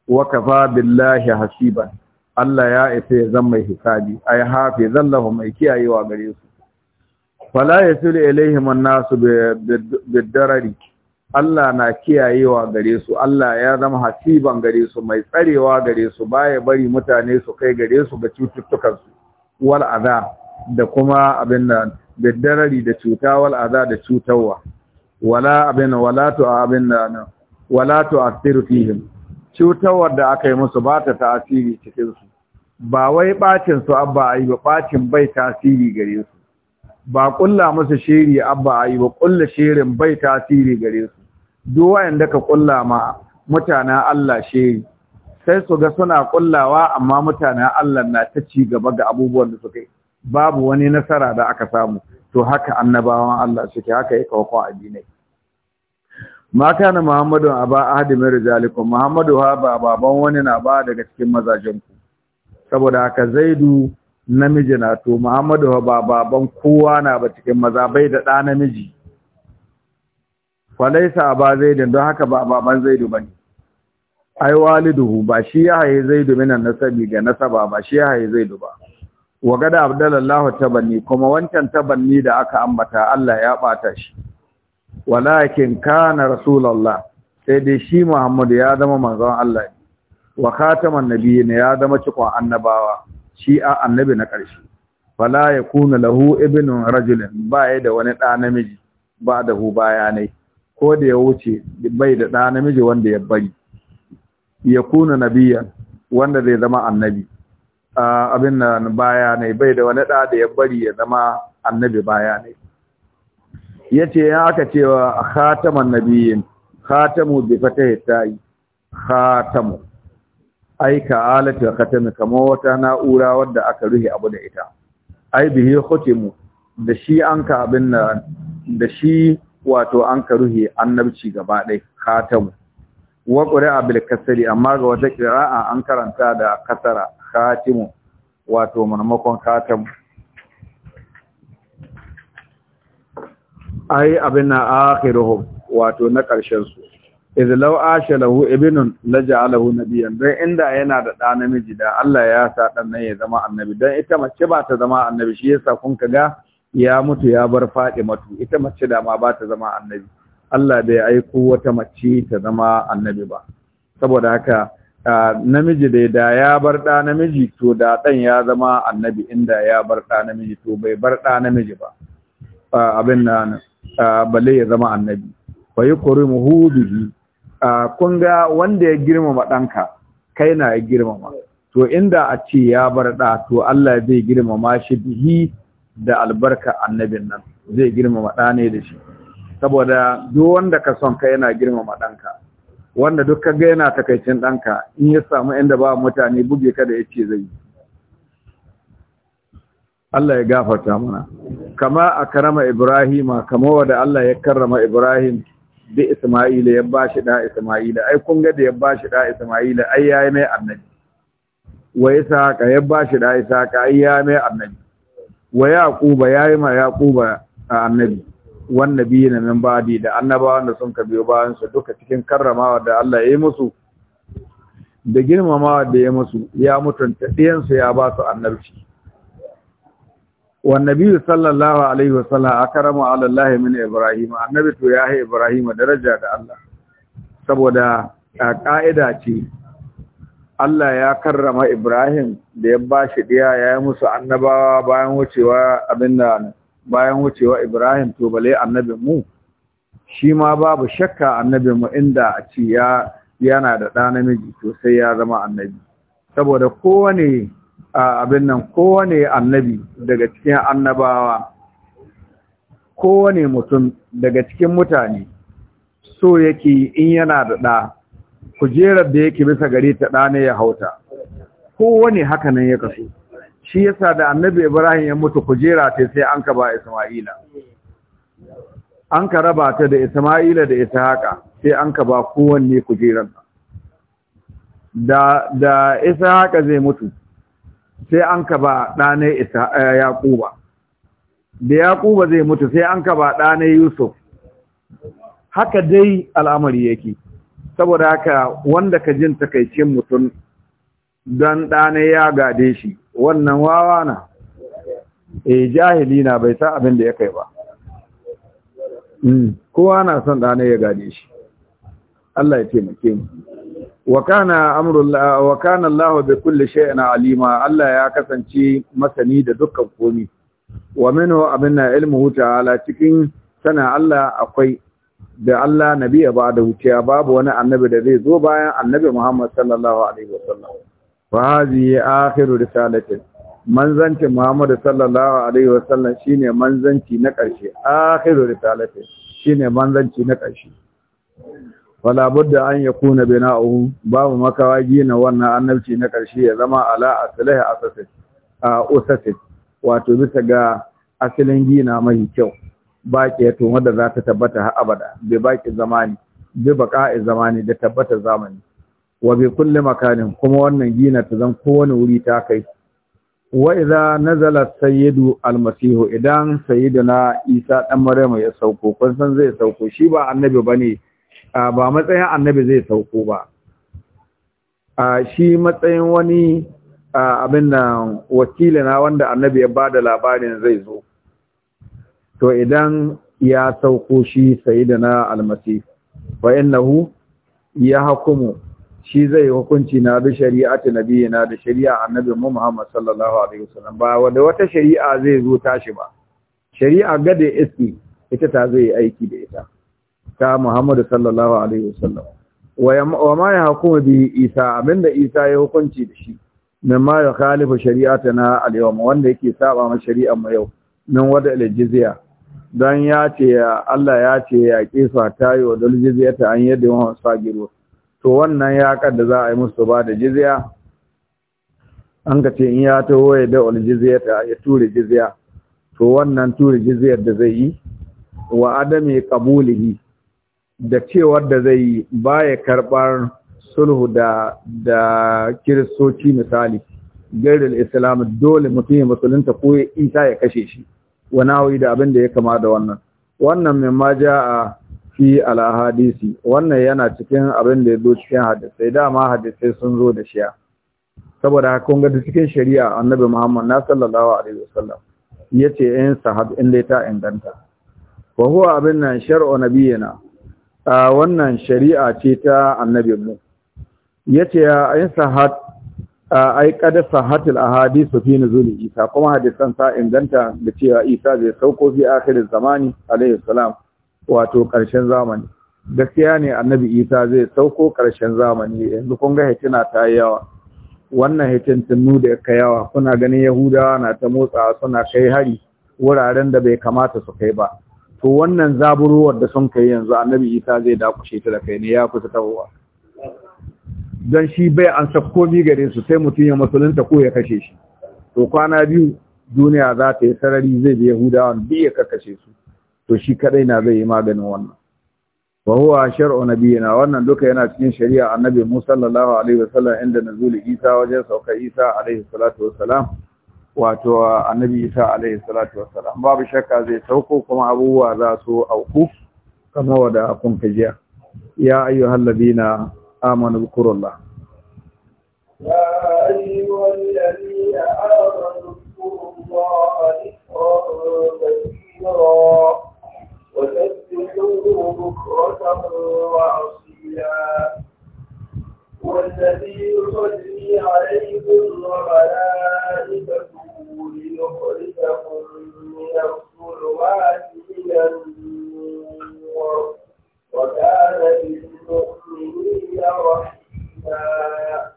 wa kafa billahi hasiban Allah ya isa ya zama mai hisabi ay hafizan lahum mai kiyayewa gare su fala yasulu ilaihim an-nasu bid-darari Allah na kiyayewa gare su Allah ya zama hasiban gare su mai tsarewa gare su baya bari mutane su kai gare su ga cututtukan su wal adha da kuma abin da bid-darari da cuta wal adha da cutarwa wala abin wala tu abin wala tu asiru fihim Cutawar da aka yi musu ba ta tasiri cikinsu ba wai ɓacin su abba a yi ba ɓacin bai tasiri gare su ba ƙulla musu shiri abba a yi ba ƙulla shirin bai tasiri gare su duk wayanda ka ƙulla ma mutanen Allah shiri sai su ga suna ƙullawa amma mutanen Allah na ta ci gaba ga abubuwan da suka yi babu wani nasara da aka samu to haka annabawan Allah suke haka ya kawo addinai ma kana Muhammadu aba ahadi min rijalikum muhammadu ha ba baban wani na ba daga cikin mazajen ku saboda haka zaidu namiji na to muhammadu ha ba baban kowa na ba cikin maza bai da ɗa namiji falaisa aba zaidin don haka ba baban zaidu bane ai waliduhu ba shi ya haye zaidu minan nasabi ga nasaba ba shi ya haye zaidu ba wa gada abdallahu tabanni kuma wancan tabanni da aka ambata Allah ya bata shi walakin kana rasulullah sai dai shi Muhammadu ya zama manzon Allah wa khataman nabiyyin ya zama cikon annabawa shi a annabi na ƙarshe fala yakuna lahu ibnun rajulin ba ya da wani ɗa namiji ba da hu bayanai ko da ya wuce bai da ɗa namiji wanda ya bari yakuna nabiyyan wanda zai zama annabi abin nan bayanai bai da wani ɗa da ya bari ya zama annabi bayanai yace ya aka cewa khataman nabiyin khatamu bi fatahi ta'i khatamu ai ka alata khatami kamar wata na'ura wadda aka ruhe abu da ita ai bihi khatimu da shi an ka abin da shi wato an ka ruhe annabci gaba ɗaya khatamu wa qira'a bil kasri amma ga wata qira'a an karanta da kasara khatimu wato manamakon khatamu ai abin na akhiruhum wato na ƙarshen su iz law asha lahu ibnun laja'alahu nabiyyan dan inda yana da ɗa namiji da Allah ya sa dan nan ya zama annabi dan ita mace ba ta zama annabi shi yasa kun kaga ya mutu ya bar matu. ita mace da ma ba ta zama annabi Allah bai aiko wata mace ta zama annabi ba saboda haka namiji da da ya bar ɗa namiji to da ɗan ya zama annabi inda ya bar ɗa namiji to bai bar ɗa namiji ba abin nan balle ya zama annabi wa yukrimuhu bihi kun ga wanda ya girmama ɗanka kai na ya girmama to inda a ce ya bar da to Allah zai girmama shi bihi da albarka annabin nan zai girmama da ne da shi saboda duk wanda ka son kai yana girmama ɗanka wanda duk ka ga yana takaicin ɗanka in ya samu inda ba mutane buge ka da yace zai yi Allah ya gafarta mana kama a karama Ibrahima kama wadda Allah ya karrama Ibrahim da Isma'ila ya shi da Isma'ila ai kun ga da ya shi da Isma'ila ai yayi mai annabi wa Isaka ya bashi da Isaka ai yayi mai annabi wa Yaquba yayi ma Yaquba annabi wan nabiyina min ba'di da annabawan da sun ka biyo bayan su duka cikin karramawa da Allah ya yi musu da girmamawa da ya musu ya mutunta ɗiyansu ya ba su annabci sallallahu alaihi الله عليه وسلم أكرم على Ibrahim, annabi to ya تو Ibrahim daraja da Allah. saboda a ka'ida ce Allah ya karrama Ibrahim da ya ba shi ɗiya ya yi musu annabawa bayan wucewa abinda bayan wucewa Ibrahim to bale annabin mu shi ma babu shakka annabin mu inda a ci ya yana da ɗa namiji to sai ya zama annabi saboda kowane abin nan kowane annabi daga cikin annabawa kowane mutum daga cikin mutane so yake in yana da ɗa kujerar da yake bisa gare ta ɗa ne ya hauta kowane haka nan ya kaso shi yasa da annabi ibrahim ya mutu kujera ta sai an ka ba isma'ila an ka raba ta da isma'ila da ishaqa sai an ka ba kowanne kujerar da da ishaqa zai mutu sai an ka ba ɗanai eh, yaƙuba da yaƙuba zai mutu sai an ka ba ɗanai yusuf haka dai al'amari yake saboda haka wanda ka jin takaicin mutum don ɗanai ya gade shi wannan wawa na e jahili na bai sa abin da ya kai ba mm, kowa na son ɗanai ya gade shi Allah ya taimake mu wa kana amrullah wa kana Allah bi alima Allah ya kasance masani da dukkan komi. wa minhu abinna huta ala cikin sana Allah akwai da Allah nabi ba da huciya babu wani annabi da zai zo bayan annabi Muhammad sallallahu alaihi wasallam fa hadhihi akhiru risalatin manzancin Muhammad sallallahu alaihi wasallam shine manzanci na ƙarshe akhiru risalatin shine manzanci na ƙarshe wala budda an yakuna bina'uhu babu makawa gina wannan annabci na karshe ya zama ala asalihi asasi a usasi wato bisa ga asalin gina mai kyau baki ya to wanda za ta tabbata har abada bai baki zamani bi baqa'i zamani da tabbata zamani wa bi kulli makanin kuma wannan gina ta zan kowane wuri ta kai wa idza nazala sayyidu almasihu idan sayyidina isa dan maryama ya sauko kun san zai sauko shi ba annabi bane ba matsayin annabi zai sauko ba shi matsayin wani abin nan na wanda annabi ya bada labarin zai zo to idan ya sauko shi na almasih wa innahu ya hukumu shi zai hukunci na bi shari'ati nabiyina da shari'a annabi Muhammad sallallahu alaihi wasallam ba wanda wata shari'a zai zo tashi ba shari'a gade iski ita ta zai aiki da ita ta Muhammadu sallallahu alaihi wasallam wa ma ya hukuma bi Isa abinda Isa ya hukunci da shi min ma ya khalifa shari'atana al-yawm wanda yake saba ma shari'ar mu yau min wada al-jizya dan ya ce Allah ya ce ya kisa tayo da jizya ta an yadda wa sagiru to wannan ya kadda za a yi musu ba da jizya an ka ce in ya taho ya da wal jizya ta ya tura jizya to wannan tura jizyar da zai yi wa adami qabulihi da cewar da zai yi baya karɓar sulhu da da kiristoci misali gairar islam dole mutum ya musulunta ko ya isa ya kashe shi wani hawi da abin da ya kama da wannan wannan mai ma ja a fi alhadisi wannan yana cikin abin da ya zo cikin hadisai dama hadisai sun zo da shiya saboda haka kun ga cikin shari'a annabi muhammad na sallallahu alaihi wasallam yace in sahab in dai ta inganta wa huwa abin nan shar'u nabiyina a wannan shari'a ce ta annabin mu ya ce ayin sahat ai aikada sahatul ahadisu fi nuzul isa kuma hadisan sa inganta da cewa isa zai sauko fi akhirin zamani alaihi salam wato karshen zamani gaskiya ne annabi isa zai sauko karshen zamani yanzu kun ga hitina ta yawa wannan tunu da ka yawa kuna ganin yahudawa na ta motsa suna kai hari wuraren da bai kamata su kai ba to wannan zaburuwar da sun kai yanzu annabi isa zai dakushe ta da kai ne ya kusa tawowa don shi bai an komi gare su sai mutum ya musulunta ko ya kashe shi to kwana biyu duniya za ta yi sarari zai bi yahudawa duk ya kakashe su to shi kadai na zai yi maganin wannan wa huwa shar'u nabiyina wannan duka yana cikin shari'a annabi Musa sallallahu alaihi wasallam inda nazuli Isa wajen sauka Isa alaihi salatu wassalam wato annabi isa alaihi salatu wassalam babu shakka zai sauko kuma abubuwa za su auku kamar wada kun kajiya ya ayyuhal ladina amanu zkurullah ya ayyuhal ladina amanu zkurullah wa tasbihuhu والذي يصلي عليكم وملائكته ليخرجكم من الظلمات إلى النور وكان للمؤمنين رحيما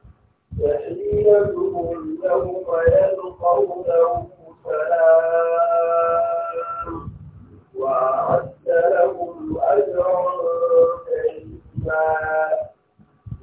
تحيتهم يوم يلقونه سلام وأعد لهم أجرا كريما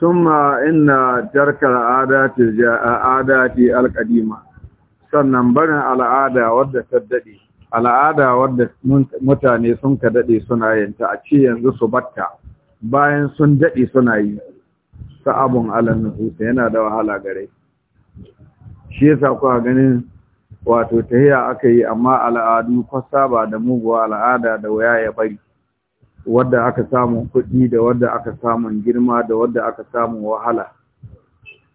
ثم inna jarkar adati adati alqadima sannan barin al'ada wadda ta dade al'ada wadda mutane sun ka dade suna yanta a ce yanzu su batta bayan sun daɗe suna yi sa'abun alan nufusa yana da wahala gare shi yasa kuwa ganin wato ta tahiya aka yi amma al'adu kwasa ba da muguwa al'ada da waya ya bari wadda aka samun kuɗi da wadda aka samun girma da wadda aka samun wahala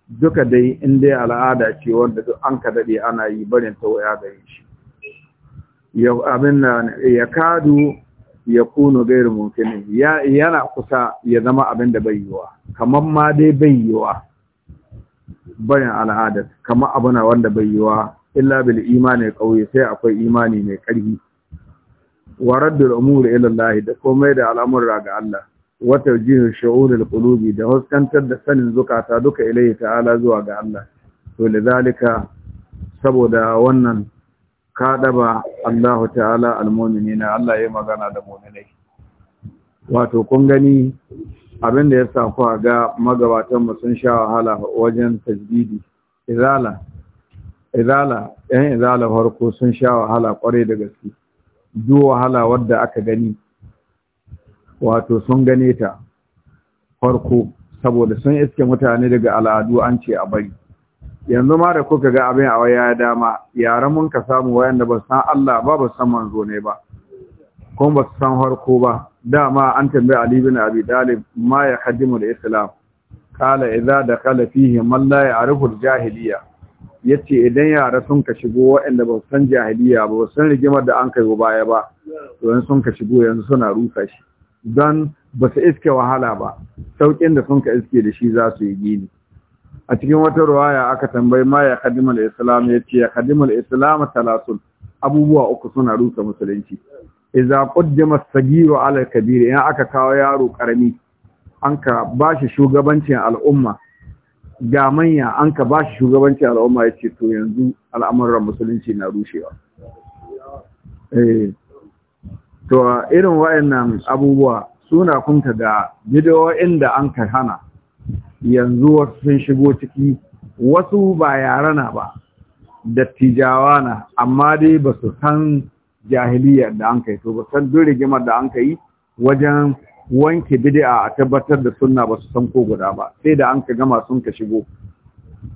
duka dai in dai al'ada ce wadda duk an ka daɗe ana yi barin ta waya gare shi ya kadu ya kuno gairu mumkinin yana kusa ya zama abin da bai yiwa kamar ma dai bai yiwa bayan al'adar, kamar abuna wanda bai yiwa illa bil imani kauye sai akwai imani mai karfi Warar da umuri ila Allah da komai da al'amura ga Allah wa tawjihu shu'uril qulubi da huskantar da sanin zukata duka ilayhi ta'ala zuwa ga Allah to lidalika saboda wannan ka ɗaba Allah ta'ala na Allah ya magana da mu'minai wato kun gani abin da ya saku a ga magabatanmu sun sha wahala wajen tasbidi izala izala yan izala farko sun sha wahala kwarai da gaske duk wahala wadda aka gani wato sun gane ta farko saboda sun iske mutane daga al'adu an ce a bari yanzu ma da kuka ga abin a waya dama yaran mun ka samu wayanda ba san Allah ba ba san manzo ne ba kuma ba san harko ba dama an tambaye Ali bin Abi Talib ma ya hadimu da Islam kala idza dakala fihi man la ya'rifu al-jahiliya yace idan yara sun ka shigo waɗanda ba san jahiliya ba ba san rigimar da an kai baya ba to yanzu sun ka shigo yanzu suna rusa shi dan ba su iske wahala ba saukin da sun ka iske da shi za su yi gini a cikin wata ruwaya aka tambayi ma ya kadimul islam ya ce ya kadimul islam talatun abubuwa uku suna rusa musulunci idza qaddama sagiru ala kabir in aka kawo yaro karami an ka bashi shugabancin al'umma ga manya an ka bashi shugabancin al'umma ya ce, to yanzu al'amuran musulunci na rushewa eh to irin wayannan abubuwa suna kunta da bidiyoyin inda an ka hana yanzu wasu sun shigo ciki wasu ba yarana na ba dattijawa na amma dai ba su san jahiliyar da an kai to ba san dole rigimar da an kai wajen wanke bid'a a tabbatar da sunna ba su san ko guda ba sai da an ka gama sun ka shigo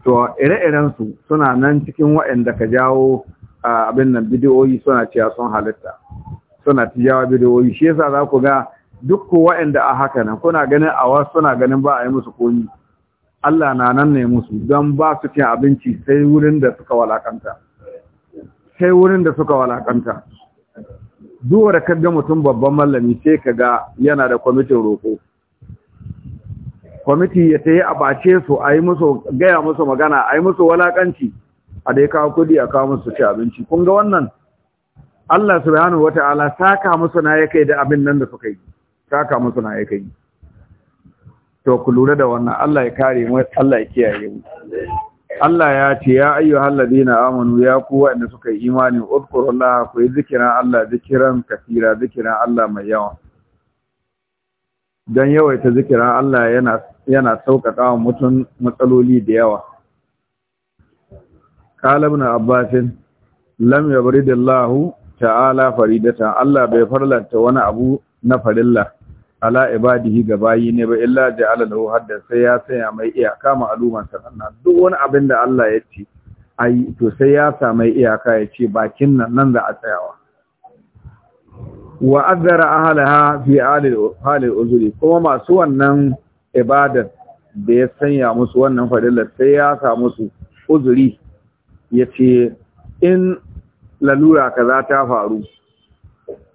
to ire-iren su suna nan cikin waɗanda ka jawo abin nan bidiyoyi suna cewa sun halitta suna tijawa bidiyoyi shi yasa za ku ga duk waɗanda a haka nan kuna ganin a wasu suna ganin ba a yi musu komi Allah na nan ne musu don ba su cin abinci sai wurin da suka walakanta sai wurin da suka walakanta da kaga mutum babban mallami sai ka ga yana da kwamitin roƙo kwamiti ya ta yi a bace su a yi musu gaya musu magana a yi musu walakanci a dai kawo kudi a kawo musu ci abinci kun ga wannan Allah subhanahu wata'ala saka musu na ya kai da abin nan da suka yi kaka musu na yi. to ku lura da wannan Allah ya kare mu Allah ya kiyaye mu Allah ya ce ya ayyuhal ladina amanu ya ku wanda suka yi imani udkurullaha ku yi zikiran Allah zikiran kafira zikiran Allah mai yawa dan yawaita zikiran Allah yana yana saukaka wa mutum matsaloli da yawa qala ibn abbas lam yabridillahu ta'ala faridatan Allah bai farlanta wani abu na farilla ala ibadihi ga bayi ne ba illa ja'ala lahu hadda sai ya sanya mai iyaka ma'luman sananna duk wani abin da Allah ya ce ai to sai ya mai iyaka ya ce bakin nan nan za a tsayawa wa azara ahlaha fi halil uzuri kuma masu wannan ibadar da ya sanya musu wannan fadilar sai ya sa musu uzuri yace in lalura kaza ta faru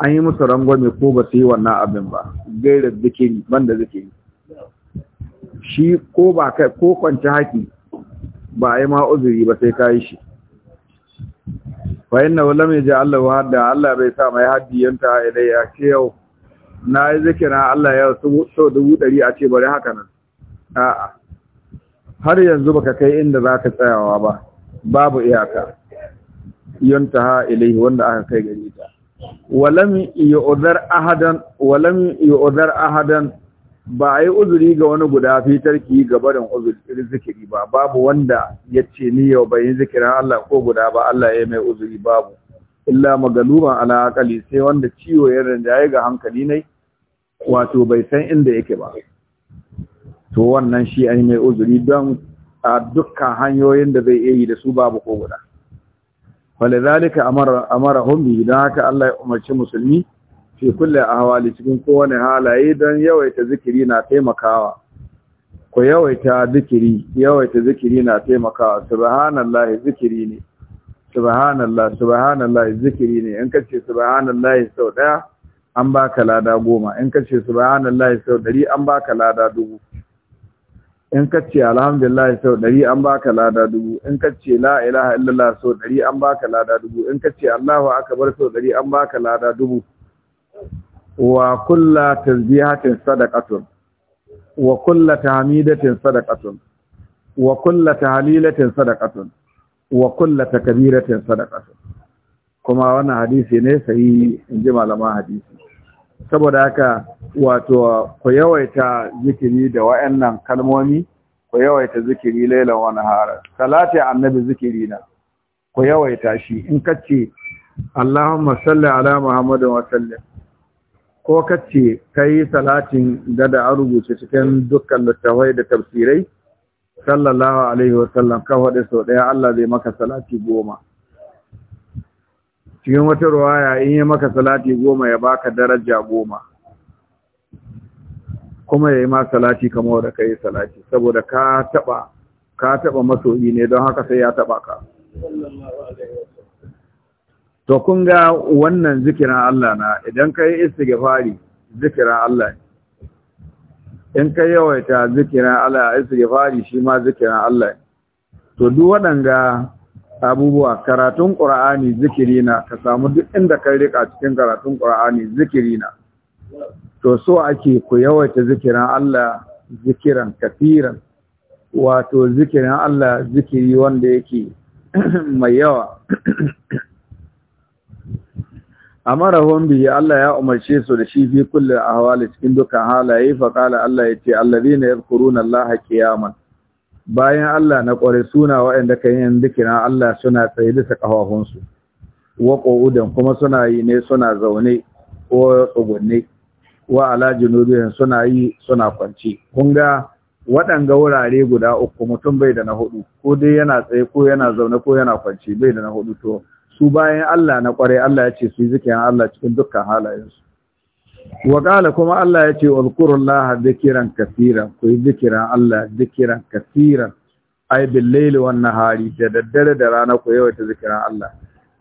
an yi musu rangwame ko ba su yi wannan abin ba gaira zikiri banda zikiri shi ko ba kai ko kwanci haki ba a yi ma uzuri ba sai ka yi shi fa inna mai ji Allah hadda Allah bai sa mai haddi yanta a ce yau na yi zikira Allah ya so dubu ɗari a ce bari haka nan. A'a, har yanzu baka kai inda za ka tsayawa ba, babu iyaka, yanta ha ilai wanda aka kai gari ta. walam yu'dhar ahadan ahadan ba ai uzuri ga wani guda fi tarki gabarin uzuri zikiri ba babu wanda yace ni yau bai zikirin Allah ko guda ba Allah ya mai uzuri babu illa magaluma ala sai wanda ciwo ya rinjaye ga hankali ne wato bai san inda yake ba to wannan shi ai mai uzuri don a dukkan hanyoyin da zai yi da su babu ko guda wale amara humbi don haka Allah ya umarci musulmi fi kulle a hawali cikin kowane halaye don yawaita zikiri na taimakawa ko yawaita zikiri yawaita zikiri na taimakawa subhanallah zikiri ne subhanallah subhanallah zikiri ne in kace subhanallah sau daya an baka lada goma in kace subhanallah sau dari an baka lada dubu in ka ce alhamdulillah sau ɗari an baka lada dubu in ka ce la ilaha illallah sau ɗari an baka lada dubu in ka ce allahu akbar sau ɗari an baka lada dubu wa kulla tasbihatin sadaqatun wa kulla tahmidatin sadaqatun wa kulla tahlilatin sadaqatun wa kulla takbiratin sadaqatun kuma wannan hadisi ne sai in ji malama hadisi saboda haka wato ku yawaita zikiri da wa'annan kalmomi ku yawaita zikiri lailan wa nahara salati annabi zikiri na ku yawaita shi in kace Allahumma salli ala Muhammadin wa sallim ko kace kai salatin da da rubuce cikin dukkan littafai da tafsirai sallallahu alaihi wa sallam ka faɗi sau ɗaya Allah zai maka salati goma cikin wata ruwaya in yi maka salati goma ya baka daraja goma kuma ya yi ma salati kamar da ka yi salati saboda ka taba ka taba masoyi ne don haka sai ya taba ka to kun ga wannan zikirin Allah na idan ka yi istighfari zikirin Allah ne in ka yawaita zikirin Allah istighfari shi ma zikirin Allah ne to duk waɗanda. abubuwa karatun qur'ani zikiri na ka samu duk inda kai rika cikin karatun qur'ani zikiri na to so ake ku yawaita zikirin Allah zikiran kafiran wato zikirin Allah zikiri wanda yake mai yawa amarahum bihi Allah ya umarce su da shi fi kullu ahwali cikin dukkan halaye fa qala Allah yace allazina yadhkuruna Allah qiyaman bayan Allah na ƙware suna waɗanda kan yin dukina Allah suna tsaye bisa ƙafafunsu wa kuma suna yi ne suna zaune ko tsugunne wa ala suna yi suna kwanci kun ga waɗanga wurare guda uku mutum bai da na hudu ko dai yana tsaye ko yana zaune ko yana kwanci bai da na hudu to su bayan Allah na ƙware Allah ya ce su yi zikirin Allah cikin dukkan halayensu wa kuma Allah ya ce Laha zikiran kaseeran ku zikiran Allah zikiran kaseeran ay bil layli hari da daddare da rana ku yawaita zikiran Allah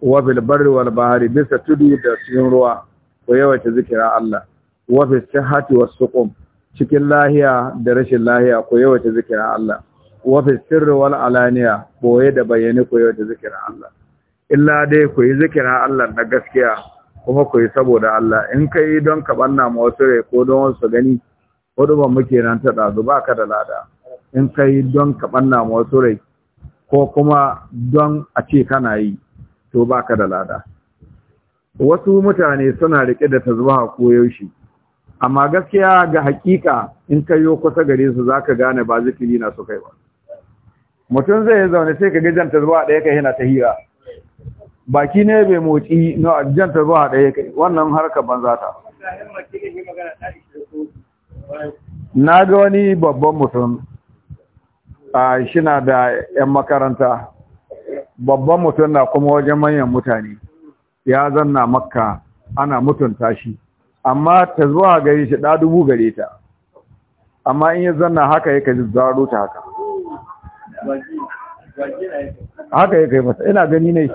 wa bil barri wal bisa tudu da cikin ruwa ku yawaita zikiran Allah wa fi sihhati was suqum cikin lahiya da rashin lahiya ku yawaita zikiran Allah wa fi sirri wal alaniya boye da bayyane ku yawaita zikiran Allah illa dai ku yi zikiran Allah na gaskiya kuma ku yi saboda Allah in ka yi don ka banna ma wasu rai ko don wasu gani hudu ba muke nan ta ɗazu ba ka da lada in ka yi don ka banna ma wasu rai ko kuma don a ce kana yi to ba ka da lada wasu mutane suna riƙe da zuwa ko yaushe amma gaskiya ga hakika in ka yi kusa gare su za ka gane ba zikiri na su kai ba mutum zai yi zaune sai ka gajanta zuwa ɗaya ka yana ta hira baki ne bai motsi na ajiyar ta zuwa ɗaya kai wannan harkar banza ta na ga wani babban mutum a shina da 'yan makaranta babban mutum na kuma wajen manyan mutane ya zanna makka ana mutunta shi amma ta zuwa gari shi ɗa dubu gare ta amma in ya zanna haka ya kaji zaro ta haka haka ya kai masa ina gani ne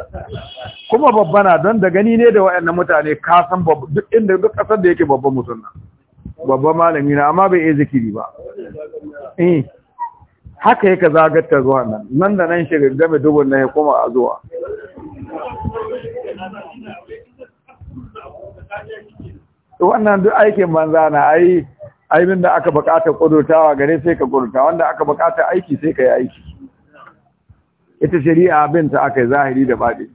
kuma babba na don da gani ne da waɗannan mutane kasan babba duk inda duk kasar da yake babban mutum na babban malami na amma bai iya zikiri ba eh haka yake zagatar zuwa nan nan da nan shiga game dubun nan ya kuma a zuwa wannan duk aikin banza na ai aibin da aka bukata kudurtawa gare sai ka kudurta wanda aka bukata aiki sai ka yi aiki ita shari'a binta aka yi zahiri da baɗi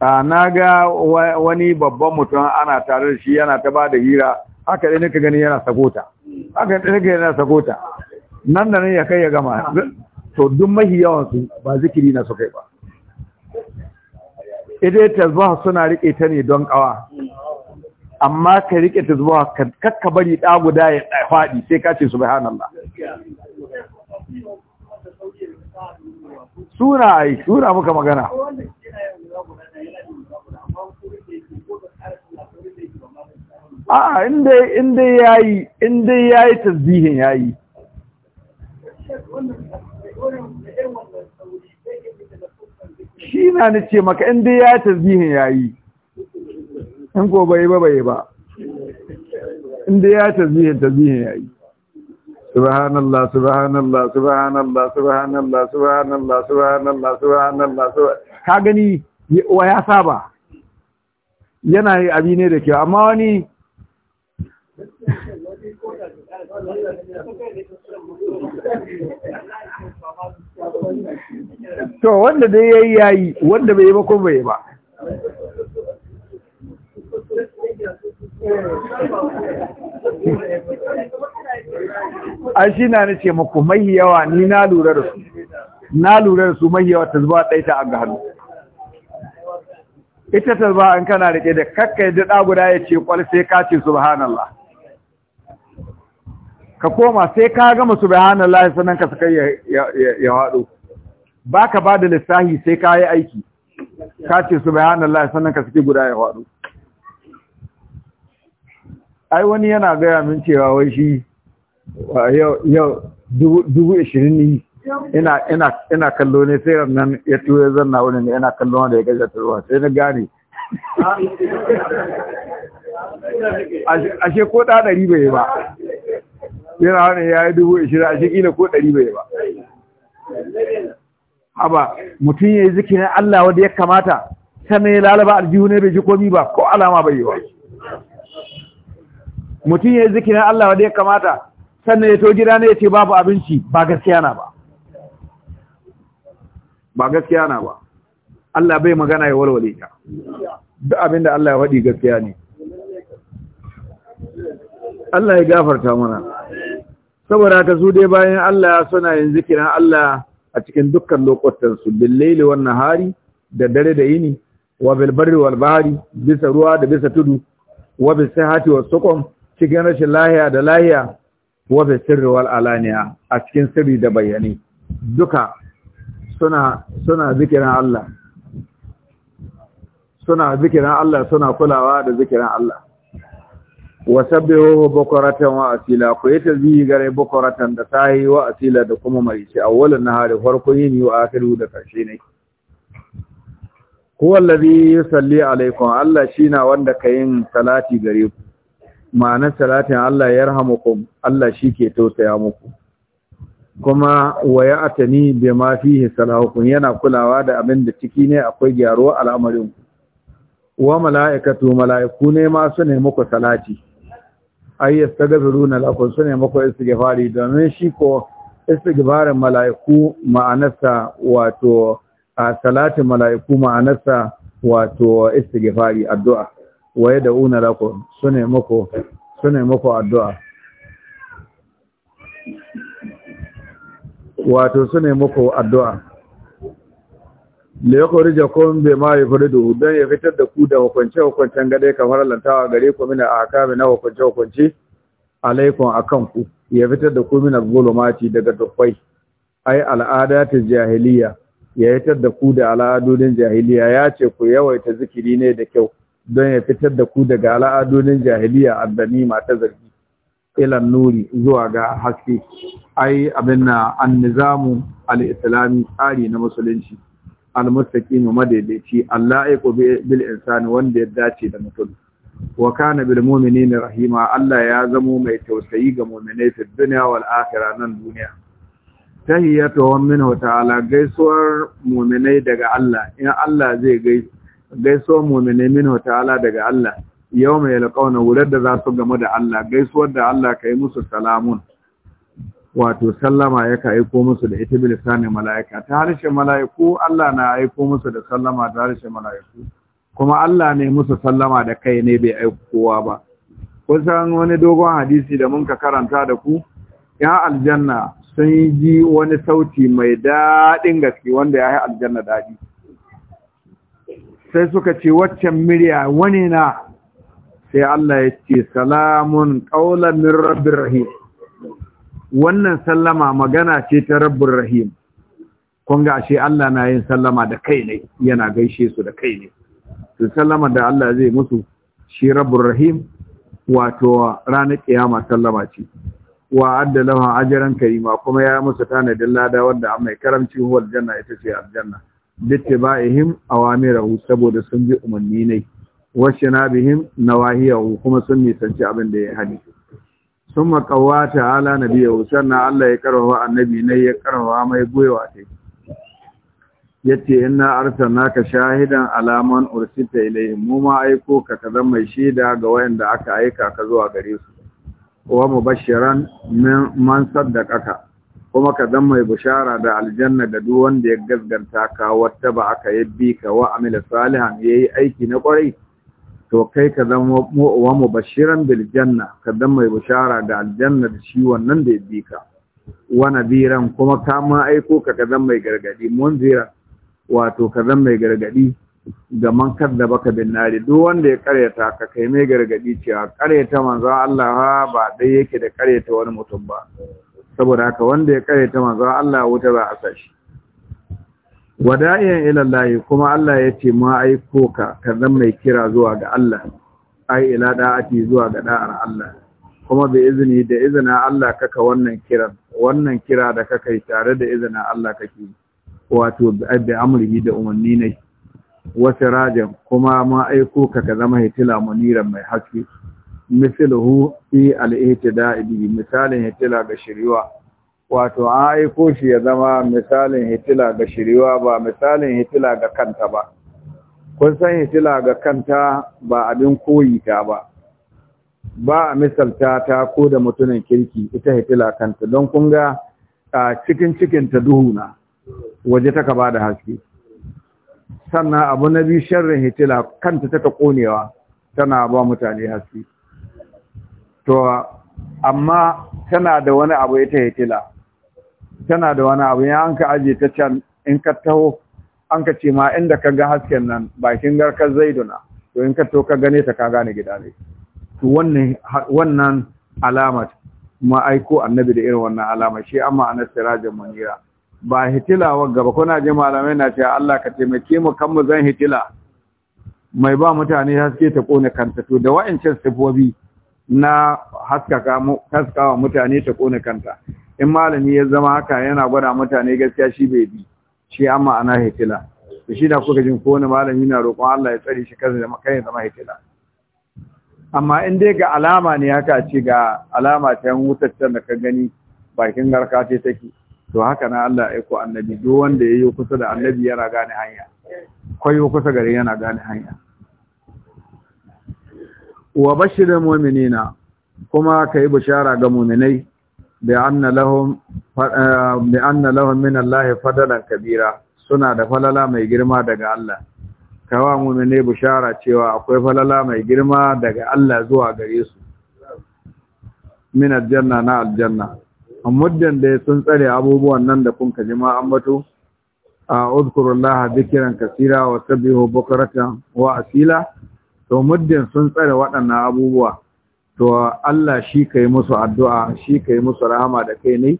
na ga wani babban mutum ana tare da shi yana ta ba da hira haka ɗaya nika gani yana sakota aka nika yana sakota nan da nan ya kai ya gama to duk mahi yawansu ba zikiri na su kai ba ita tasbaha suna riƙe ta ne don ƙawa amma ka riƙe tasbaha kakka bari ɗa guda ya faɗi sai ka ce subhanallah suna ai suna muka magana a inda ya yi inda ya yi tasbihin ya yi shi na ni ce maka inda ya yi tasbihin ya yi in ko bai ba bai ba inda ya yi tasbihin tasbihin ya yi subhanallah subhanallah subhanallah subhanallah subhanallah subhanallah subhanallah ka gani wa ya saba yana yi abi ne da kyau amma wani to wanda dai yayi yayi wanda bai yi ba ko bai ba an shi na nace muku mai yawa ni na lura da su na lura da su mai yawa ta zuba ɗai ta ga hannu ita ta zuba an kana rike da kakkai da guda ya ce kwal sai ka ce subhanallah ka koma sai ka gama subhanallah sannan ka saka ya waɗo, ba ka ba da lissahi sai ka yi aiki ka ce subhanallah sannan ka saki guda ya waɗo. ai wani yana gaya min cewa wai shi Ah, yau dubu ashirin ne ina kallo ne sai nan ya tuyo zanna wani ne ina kallo wanda ya gaza ruwa sai na gane ashe ko ɗa ɗari bai ba yana wani ya yi dubu ashirin ashe ƙila ko ɗari bai ba haba mutum ya yi zikirin Allah wanda ya kamata sannan ya lalaba aljihu ne bai ji komi ba ko alama bai yi ba. mutum ya yi zikirin Allah wanda ya kamata sannan ya to gida ne ya ce babu abinci ba gaskiya na ba ba gaskiya na ba Allah bai magana ya walwale ta duk abinda Allah ya faɗi gaskiya ne Allah ya gafarta mana saboda ka su dai bayan Allah suna yin zikirin Allah a cikin dukkan lokutansu billaili wa nahari da dare da yini wa bil barri wal bisa ruwa da bisa tudu wa bis hati was cikin rashin lahiya da lahiya wa sirriwar alaniya a cikin sirri da bayani duka suna zikirin Allah suna zikirin Allah suna kulawa da zikirin Allah wa bukratan wa asila ku yi tasbihi gare bukuratan da sahi wa asila da kuma marici awwalun nahari farko yini wa akhiru da karshe ne huwa allazi yusalli alaikum Allah shina wanda kayin salati gare ku ma'anar salatin Allah ya ku, Allah shi ke tausaya muku kuma waya atani bi ma fihi salahukum yana kulawa da abin da ciki ne akwai gyaruwa al'amarin ku wa mala'ikatu mala'iku ne ma su ne muku salati ay yastaghfiruna lakum su ne muku istighfari domin shi ko istighfarin mala'iku ma'anarsa wato salatin mala'iku ma'anarsa wato istighfari addu'a wa yad'una lakum sune muku sune muku addu'a wato sune muku addu'a liyukhrijakum bima yufridu dan ya fitar da ku da hukunce hukuncen gade kamar lantawa gare ku mina akami na hukunce hukunci alaikum akan ku ya fitar da ku mina mati daga dukkai ai al'ada ta jahiliya ya fitar da ku da al'adodin jahiliya ya ce ku yawaita zikiri ne da kyau don ya fitar da ku daga al'adunin jahiliya addani ta zargi ilan nuri zuwa ga haske ai abin na an al-islami tsari na musulunci al mu madaidaici Allah ya ku bil insani wanda ya dace da mutum wa kana bil mu'minina rahima Allah ya zamo mai tausayi ga mu'minai fi dunya wal akhirah nan duniya tahiyatu minhu ta'ala gaisuwar mu'minai daga Allah in Allah zai gaisu. gaisuwar min minhu ta'ala daga Allah yau mai alƙauna wurar da za su gama da Allah gaisuwar da Allah ka yi musu salamun wato sallama ya ka aiko musu da ita bilisanin mala'ika ta harshen mala'iku Allah na aiko musu da sallama ta harshen mala'iku kuma Allah ne musu sallama da kai ne bai aiko kowa ba kun san wani dogon hadisi da mun ka karanta da ku ya aljanna sun ji wani sauti mai daɗin gaske wanda ya yi aljanna daɗi sai suka ce waccan murya wani na sai Allah ya ce salamun qaulan min rahim wannan sallama magana ce ta rabbir rahim kun ashe Allah na yin sallama da kai ne yana gaishe su da kai ne to sallama da Allah zai musu shi Rabin rahim wato ranar kiyama sallama ce wa adda ajran karima kuma ya musu tanadin lada wanda mai karamci huwal janna ita ce aljanna baihim awamirahu saboda sun bi umarni ne washe na bihim nawahiyahu kuma sun nisanci abin da ya hadi sun makawa ta ala biyu, sannan Allah ya karawa annabi ne ya karawa mai goyewa ta yace inna sha shahidan alaman ursita ilayhim mu ma aiko ka ka zama mai shaida ga wayanda aka aika ka zuwa gare su wa mubashiran man saddaqaka kuma ka zan mai bishara da aljanna da duk wanda ya gaskanta ka wata ba aka yi bi ka wa amila salihan yi aiki na kwarai to kai ka zan wa bashiran bil janna ka zan mai bishara da aljanna da shi wannan da ya bi ka wa nadiran kuma ka ma aiko ka ka zan mai gargadi munzira wato ka zan mai gargadi ga man kadda baka bin nari duk wanda ya karyata ka kai mai gargadi cewa karyata manzo Allah ba dai yake da karyata wani mutum ba saboda haka wanda ya kare ta manzo Allah wuta ba a sashi wada'iyan ila Allah kuma Allah ya ce ma aiko ka kaza mai kira zuwa ga Allah ai ila da'ati zuwa ga da'ar Allah kuma bi izini da izina Allah kaka wannan kiran wannan kira da kaka yi tare da izina Allah kake wato bi amrihi da umarni ne wasu rajan kuma ma aiko ka ka zama hitila mai haske misluhu fi al-ihtida'i bi misalin hitila ga shiriwa wato an aiko shi ya zama misalin hitila ga shiriwa ba misalin hitila ga kanta ba kun san hitila ga kanta ba abin koyi ta ba ba a misalta ta ko da mutumin kirki ita hitila kanta don kun ga cikin cikin ta duhu na waje taka ba da haske sannan abu na biyu sharrin hitila kanta taka konewa tana ba mutane haske to amma tana da wani abu ita hitila tana da wani abu ya anka aje ta can in ka taho an ka ce ma inda ka ga hasken nan bakin garkar zaiduna to in ka to ka gane ta ka gane gida ne to wannan wannan alamat ma aiko annabi da irin wannan alama shi amma anas sirajin munira ba hitila wa gaba kuna ji malamai na cewa Allah ka taimake mu kan mu zan hitila mai ba mutane haske ta kone kanta to da wa'ancan sifobi na haskaka wa mutane ta kone kanta in malami ya zama haka yana gwada mutane gaskiya shi bai bi shi amma ana hitila da shi da kuka jin kowane malami na roƙon Allah ya tsare shi kansa da zama hitila amma in dai ga alama ne haka ce ga alama ta yan wutaccen da ka gani bakin garka ce take to haka na Allah ya ko annabi duk wanda ya yi kusa da annabi yana gane hanya kusa gare yana gane hanya wa bashirin mu'minina kuma ka yi bishara ga muminai bi anna lahum bi anna min Allah fadalan kabira suna da falala mai girma daga Allah kawa muminai bishara cewa akwai falala mai girma daga Allah zuwa gare su min aljanna na aljanna muddin da sun tsare abubuwan nan da kun ka ma an bato a uzkurullaha dhikran kaseera wa sabihu bukratan wa asila to muddin sun tsare waɗannan abubuwa to Allah shi ka yi musu addu'a shi ka yi musu rahama da kai ne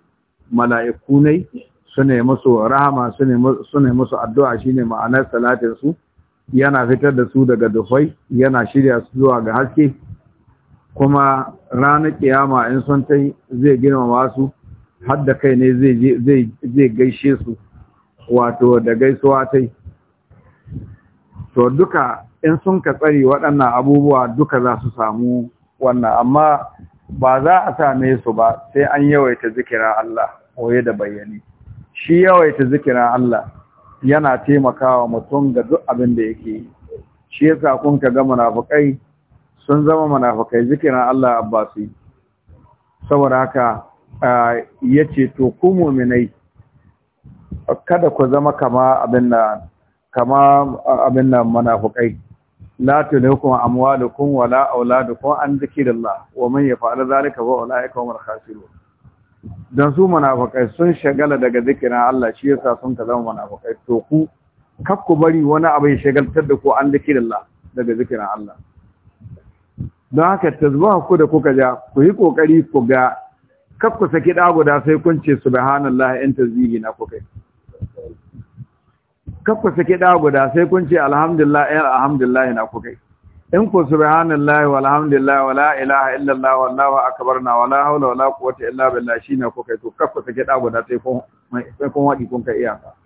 mala'iku ne su ne musu rahama su ne musu addu'a shi ne ma'anar salatinsu yana fitar da su daga dufai yana shirya su zuwa ga haske kuma ranar kiyama in sun ta zai girmama su har da kai ne zai gaishe su wato da gaisuwa ta to duka in sun ka tsari waɗannan abubuwa duka za su samu wannan amma ba za a same su ba sai an yawaita zikirin Allah koye da bayyane. shi yawaita zikirin Allah yana taimakawa mutum ga duk abin da yake yi shi yasa kun ka ga munafukai sun zama munafukai zikirin Allah abbasi saboda haka yace to ku mu'minai kada ku zama kama abin nan kama abin nan munafukai لا تلهكم أموالكم ولا أولادكم عن ذكر الله ومن يفعل ذلك فأولئك هم الخاسرون dan su munafikai sun shagala daga zikirin Allah shi yasa sun ka zama munafikai to ku kak ku bari wani abu ya shagaltar da ku an zikirin Allah daga zikirin Allah don haka tazbaha ku da kuka ja ku yi kokari ku ga kak ku saki da guda sai kun ce subhanallahi in tazbihi na kuka kakku saki da guda sai kun ce alhamdulillah ya eh, alhamdulillah na ku kai in ku subhanallahi walhamdulillah wala ilaha illallah wallahu akbar na wala haula wala quwwata illa billah shine ku kai to kakku saki da guda sai kun sai kun wadi kun kai iyaka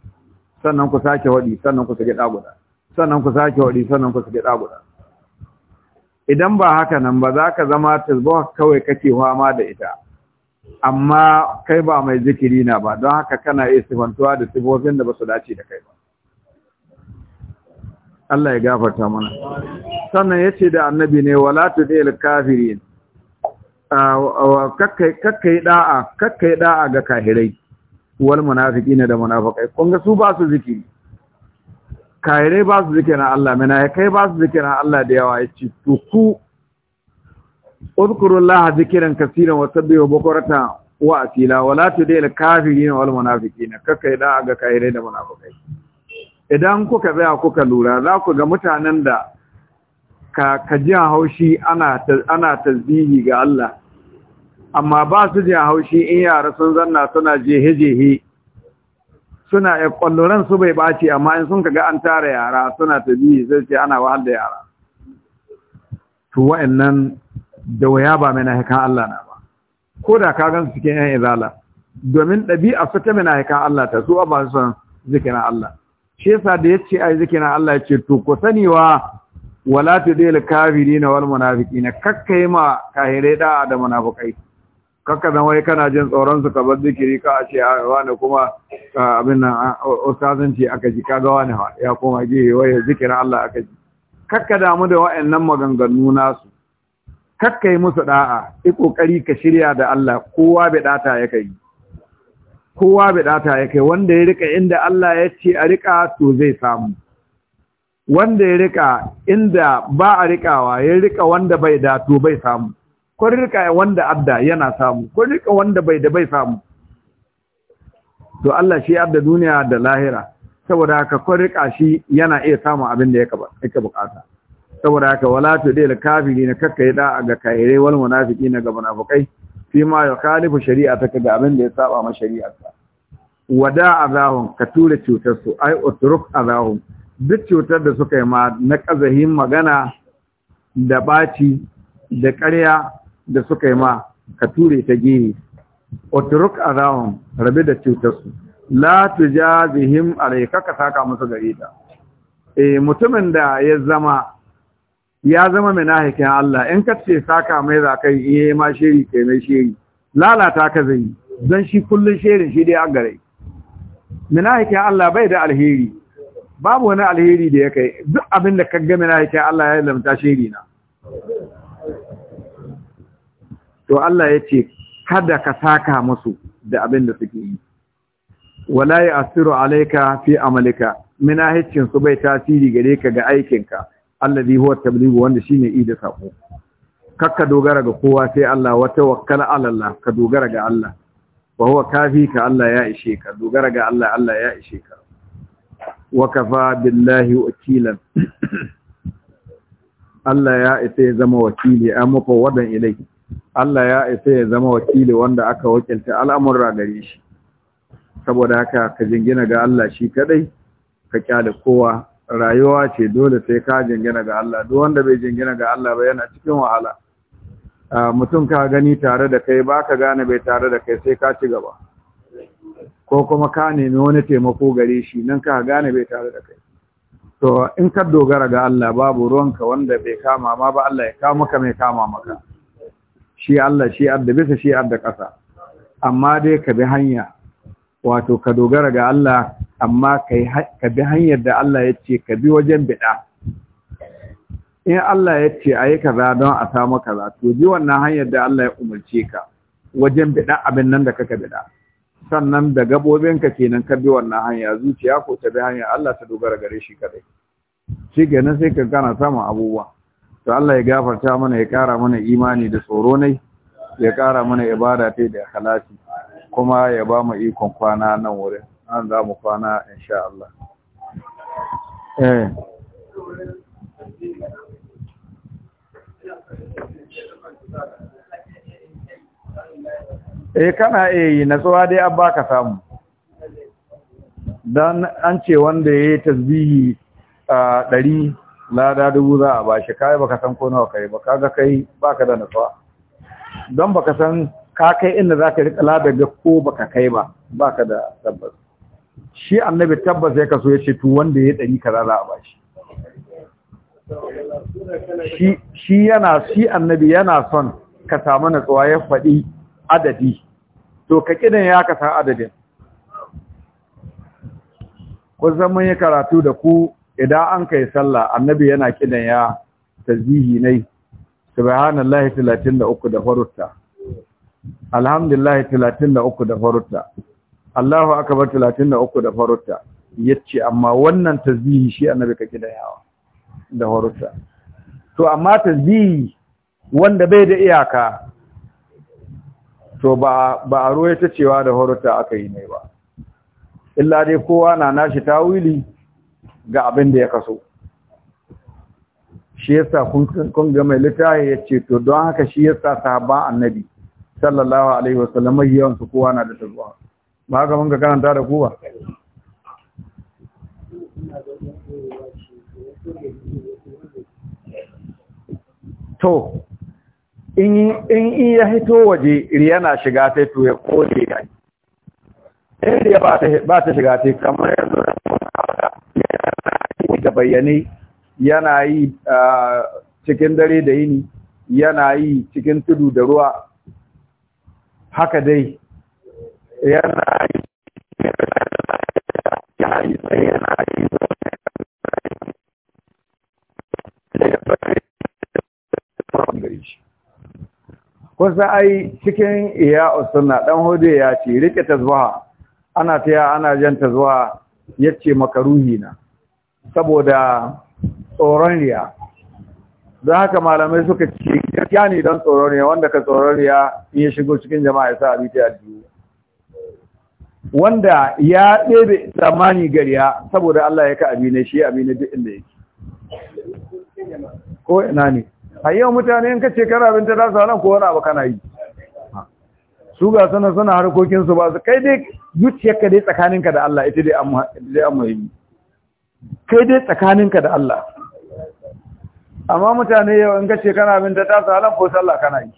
sannan ku sake wadi sannan ku saki da guda sannan ku sake wadi sannan ku saki da guda idan ba haka nan ba za ka zama tasbih kawai kake fama da ita amma kai ba mai zikiri na ba don haka kana iya sifantuwa da sifofin da ba su dace da kai ba Allah ya gafarta mana sannan yace da annabi ne wala tudil kafirin kakkai kakkai da'a kakkai da'a ga kahirai wal munafiqina da munafiqai kun ga su ba su zikiri kahirai ba su zikira Allah mena ya kai ba su zikira Allah da yawa yace to ku Allah zikiran kaseeran wa sabbihu bukratan wa asila wala tudil kafirin wal munafiqina kakkai da'a ga kahirai da munafiqai idan kuka tsaya kuka lura za ku ga mutanen da ka haushi ana tasbihi ga Allah amma ba su jin haushi in yara sun zanna suna jehe-jehe suna ya eh, kwalloran su bai ɓaci amma in sun kaga an tara yara suna tasbihi sai ce ana wahal da yara to wa'annan da waya ba mai nahikan Allah na ba ko da ka gan su cikin yan izala domin ɗabi'a su ta mai nahikan Allah ta su ba su son zikirin Allah shi yasa da yace ai na Allah yace to ku sani wa wala tudil na wal na kakkai ma kahirai da da munafikai kakka zan wai kana jin tsoron su ka bar zikiri ka a wani kuma abin nan ustazanci aka ji kaga wani ya koma ji wai zikira Allah aka ji kakka damu da wayannan maganganu nasu su. musu da'a i kokari ka shirya da Allah kowa bai data ya kai kowa bidata ya kai wanda ya rika inda Allah ya ce a rika to zai samu wanda ya rika inda ba a rikawa ya rika wanda bai da to bai samu ko rika wanda adda yana samu ko rika wanda bai da bai samu to Allah shi adda duniya da lahira saboda haka ko rika shi yana iya samun abin da yake bukata saboda haka wala tudil kafirin kakkai da ga kaire wal munafiqina ga munafiqai fi ma ya kalifu shari'a ta ga abin da ya saba ma shari'arsa wada azahum ka tura cutar su ai utruk azahum duk cutar da suka yi ma na kazahin magana da ɓaci da ƙarya da suka yi ma ka ture ta gehe utruk azahum rabi da cutar su la tujazihim alayka kaka saka musu gare ta eh mutumin da ya zama ya zama minahikin Allah in ka ce saka mai za ka yi eh, ma shiri ke mai shiri lalata ka zai don shi kullum shirin shi dai an gare minahikin Allah bai da alheri babu wani alheri da ya kai duk abin da ka ga minahikin Allah ya lamta shiri na to Allah ya ce kada ka saka musu da abin da suke yi wala ya asiru alaika fi amalika minahicin su bai tasiri gare ka ga aikinka alladhi huwa tabligu wanda shine ida sako kakka dogara ga kowa sai Allah wa tawakkal ala Allah ka dogara ga Allah wa huwa kafi ka Allah ya ishe ka dogara ga Allah Allah ya ishe ka wa kafa billahi wakilan Allah ya isa ya zama wakili a mafa wadan ilai Allah ya isa ya zama wakili wanda aka wakilta al'amurra gare shi saboda haka ka jingina ga Allah shi kadai ka kyale kowa rayuwa ce dole sai ka jingina ga Allah duk wanda bai jingina ga Allah ba yana cikin wahala mutum ka gani tare da kai baka ka gane bai tare da kai sai ka ci gaba ko kuma ka nemi wani taimako gare shi nan ka gane bai tare da kai to in ka dogara ga Allah babu ruwanka wanda bai kama ma ba Allah ya kama maka mai kama maka shi Allah shi adda bisa shi adda ƙasa amma dai ka bi hanya wato ka dogara ga Allah amma ka bi hanyar da Allah ya ce ka bi wajen bida in Allah ya ce a yi kaza don a samu kaza to bi wannan hanyar da Allah ya umarce ka wajen bida abin nan da kaka bida sannan da gabobinka kenan ka bi wannan hanya zuciya ko ta bi hanya Allah ta dogara gare shi kadai shi kenan sai ka gana samun abubuwa to Allah ya gafarta mana ya kara mana imani da tsoro ne ya kara mana ibada ta da khalasi kuma ya ba mu ikon kwana nan wurin an za mu kwana insha Allah eh eh kana eh natsuwa dai abba ka samu dan an ce wanda yayi tasbihi a 100 lada dubu za a bashi kai baka san ko nawa kai ba kaga kai baka da natsuwa dan baka san ka kai inda za ka riƙa da ko ba ka kai ba ba ka da tabbas shi annabi tabbas ya kaso ya ce tu wanda ya ɗari ka za a ba shi shi yana shi annabi yana son ka samu natsuwa ya faɗi adadi to ka kidan ya ka adadin kun san mun yi karatu da ku idan an kai sallah annabi yana kidan ya tazihi nai subhanallahi 33 da farutta alhamdulillah 33 da farutta Allahu akbar 33 da farutta yace amma wannan tasbihi shi annabi ka kidayawa da farutta to amma tasbihi wanda bai da iyaka to ba ba a ta cewa da farutta aka yi ne ba illa dai kowa na nashi tawili ga abin da ya kaso shi yasa kun kun ga mai litahi yace to don haka shi yasa sahaba annabi sallallahu alaihi wasallam mai yawan su kowa na da tazwa ba ga mun ka karanta da kowa to in in ya hito waje riyana shiga sai to ya kode ga in riya ba ta shiga sai kamar yanzu da bayyane yana yi ah, cikin dare da yini yana yi cikin tudu da ruwa haka dai yana yi kusa ai cikin iya osuna ɗan hudu ya ce rike zuwa ana taya ana jan tazwaha yace makaruhi na saboda tsoron riya don haka malamai suka ce gaskiya ne don tsoroniya wanda ka tsoroniya ya shigo cikin jama'a ya sa abin ta yadda wanda ya ɗebe tsammani gariya saboda Allah ya ka abinai shi abinai duk inda yake ko ina ne a yau mutane in ka ce kana abin ta da su nan ko wani abu kana yi su ga sanar suna harkokin su ba su kai dai ka dai tsakaninka da Allah ita dai amma yi. kai dai tsakaninka da Allah amma mutane yau in gace kana bin ta tasa halan ko sallah kana yi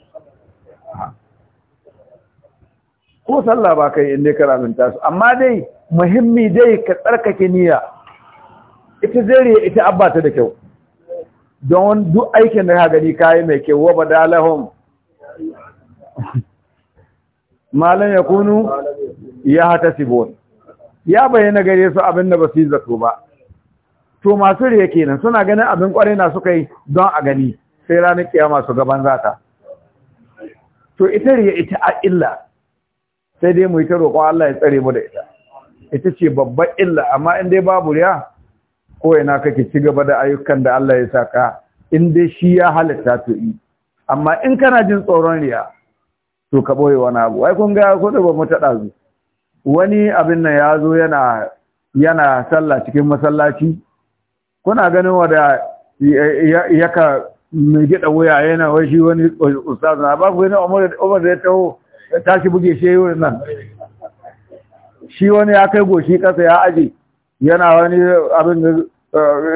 ko sallah ba kai in kana bin tasa amma dai muhimmi dai ka tsarkake niyya ita zariya ita abba da kyau don duk aikin da ka gani kayi mai kyau wa badalahum malam ya kunu ya hata sibon ya bayyana gare su abin da ba su yi zato ba to masu riya kenan suna ganin abin kwarai na suka yi don a gani sai ranar kiyama su gaban zata to ita riya ita a illa sai dai mu yi ta roƙon Allah ya tsare mu da ita ita ce babban illa amma in dai babu riya ko ina kake ci gaba da ayyukan da Allah ya saka in dai shi ya halitta to yi amma in kana jin tsoron riya to ka boye wani abu wai kun ga ko da ba mu ta zu wani abin nan ya zo yana yana sallah cikin masallaci kuna ganin ya yaka mai gida wuya yana wai shi wani ustaz na ba ku ne Umar da ya taho ya tashi buge shi yi nan shi wani ya kai goshi kasa ya aji. yana wani abin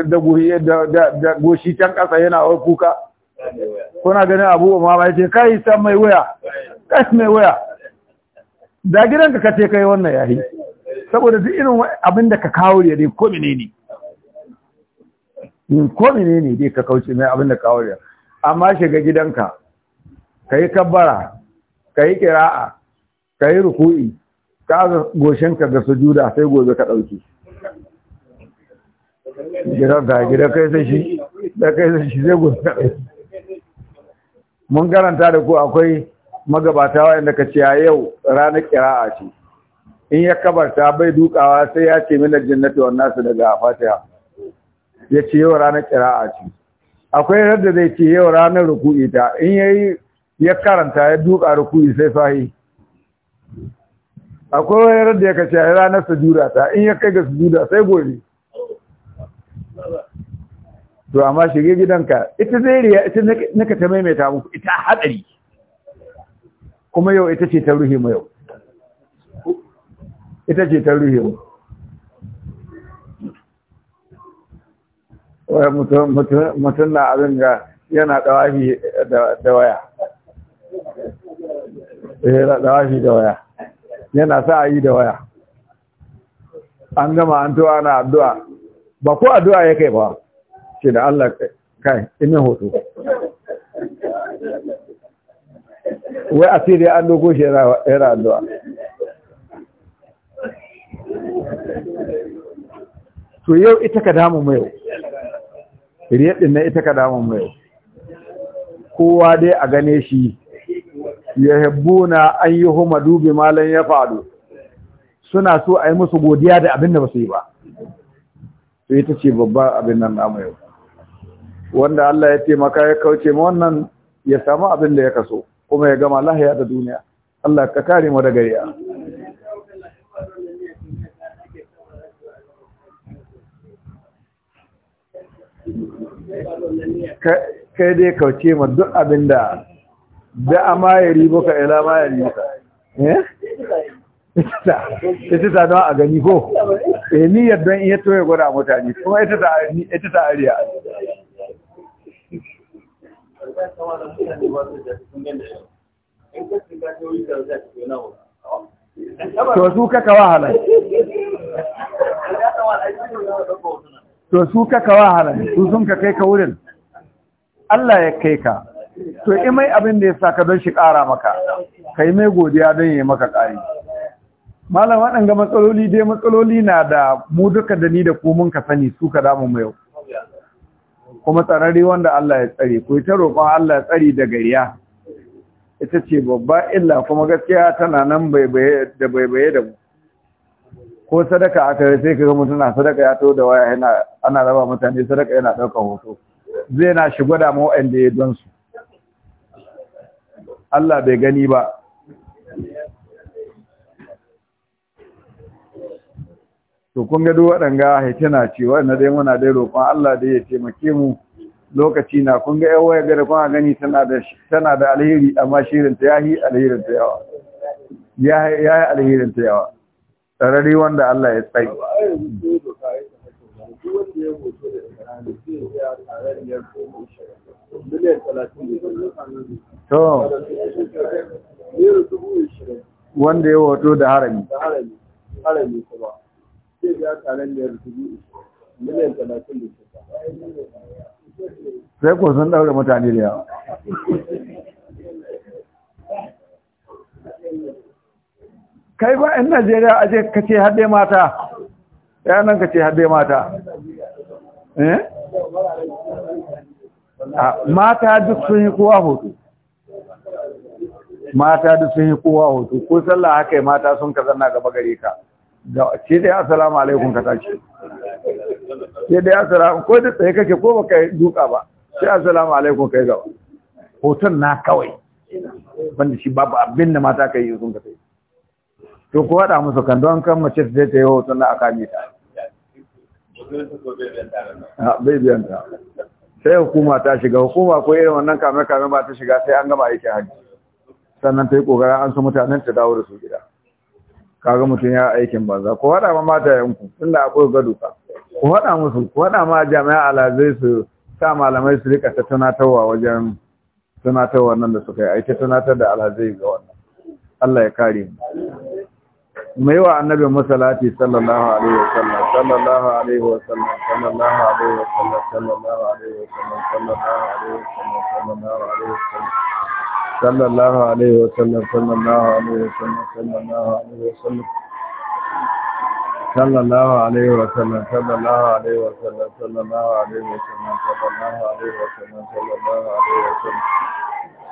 da eh, goshi can kasa yana wai kuka kuna ganin abu ma ba ce kai san mai wuya kai mai wuya da gidanka ce kai wannan yayi saboda duk irin abin da ka kawo ne ko menene ne ko ne ne dai ka kauce mai abin da kawo da amma shiga gidanka ka yi kabbara ka yi kira'a ka yi ruku'i ka goshinka ga sujuda sai gobe ka ɗauki gidan ka gidan kai sai shi da kai sai shi zai gobe ka ɗauki mun karanta da ku akwai magabata inda ka ce yau ranar kira'a ce in ya kabarta bai dukawa sai ya ce minar jannati wannan su daga fatiha ya ce yau ranar ƙira'a ce akwai yadda zai ce yau ranar ruku'i ta in yayi ya karanta ya duka ruku'i sai sahi akwai wani radda ya kace ranar sujuda ta in ya kai ga sujuda sai gobe to amma shige gidanka ita zai riya ita nika ta maimaita muku ita hadari kuma yau ita ce ta ruhe mu yau ita ce ta ruhe mu wai mutum na abin ga yana dawafi da waya eh, yana dawafi da waya yana sa yi da waya an gama an tuwa na addu'a ba ko addu'a ya kai ba ce da Allah kai ina hoto wai a sai an dogo shi yana addu'a to yau ita ka damu mai riyaɗin na ita ka damun mai kowa dai a gane shi ya hebbu na an yi huma dubi malan ya faɗo suna so a yi musu godiya da abin da ba su yi ba to ita ce babban abin nan namu yau wanda Allah ya taimaka ya kauce ma wannan ya samu abin da ya kaso kuma ya gama lahiya da duniya Allah ka kare mu daga riya kai dai kauce ma duk abin da da ama ya ribo ka ila ma ya ribo ka eh ita ta don a gani ko eh ni yadda in ya toye gwada mutane kuma ita ta ita ta ariya to su kaka wahala to su ka kawa harami su sun ka kai ka wurin Allah ya kai ka to in mai abin da ya saka don shi kara maka kai mai godiya don ya maka ƙari malam waɗanga matsaloli dai matsaloli na da mu duka da ni da ku mun ka sani su ka damu mu yau kuma tsararri wanda Allah ya tsare ku ta roƙon Allah ya tsari da gariya ita ce babba illa kuma gaskiya tana nan da baibaye da mu ko sadaka aka yi sai ka ga mutum na sadaka ya to da waya yana ana raba mutane sadaka yana ɗaukar hoto zai na shi gwada ma waɗanda ya don su Allah bai gani ba to kun ga duk waɗanga na ce waɗanda dai muna dai roƙon Allah dai ya taimake mu lokaci na kun ga yawa ga da kuma gani tana da tana da alheri amma shirin ta yahi alherin ta yawa ya ya alherin ta yawa sarari wanda Allah ya tsaye to wanda ya wato da harami harami sai ya ko sun daure mutane da yawa kai ba in najeriya a je ka ce haɗe mata yanan ka ce haɗe mata eh? ah, mata duk sun yi kowa hoto mata duk sun yi kowa hoto ko sallah haka mata sun ka zanna gaba gare ka ce dai asalamu alaikum ka tashi ce dai asalamu ko da tsaye kake ko baka duka ba sai assalamu alaikum kai gaba hoton na kawai banda shi babu abin da mata yi sun ka tashi to ku wada musu kan don kan mace su ta yi hoton na aka mita ah, bai biyan ta sai hukuma ta shiga hukuma ko irin wannan kame kame ba ta shiga sai an gama aikin hajji sannan ta yi kokarin an su mutanen ta dawo da su gida kaga mutum ya aikin banza ku wada ma mata yanku tunda akwai gado ka. ku wada musu ku wada ma jami'a alazai su sa malamai su rika ta tunatarwa wajen tunatarwa nan da suka yi aiki tunatar da alhazai ga wannan Allah ya kare mu mai wa annabi masalati sallallahu alaihi wasallam sallallahu alaihi wasallam sallallahu alaihi wasallam sallallahu alaihi wasallam sallallahu alaihi wasallam sallallahu alaihi wasallam sallallahu alaihi wasallam sallallahu alaihi wasallam sallallahu alaihi wasallam صلى الله عليه وسلم صلى الله عليه وسلم صلى الله عليه وسلم صلى الله عليه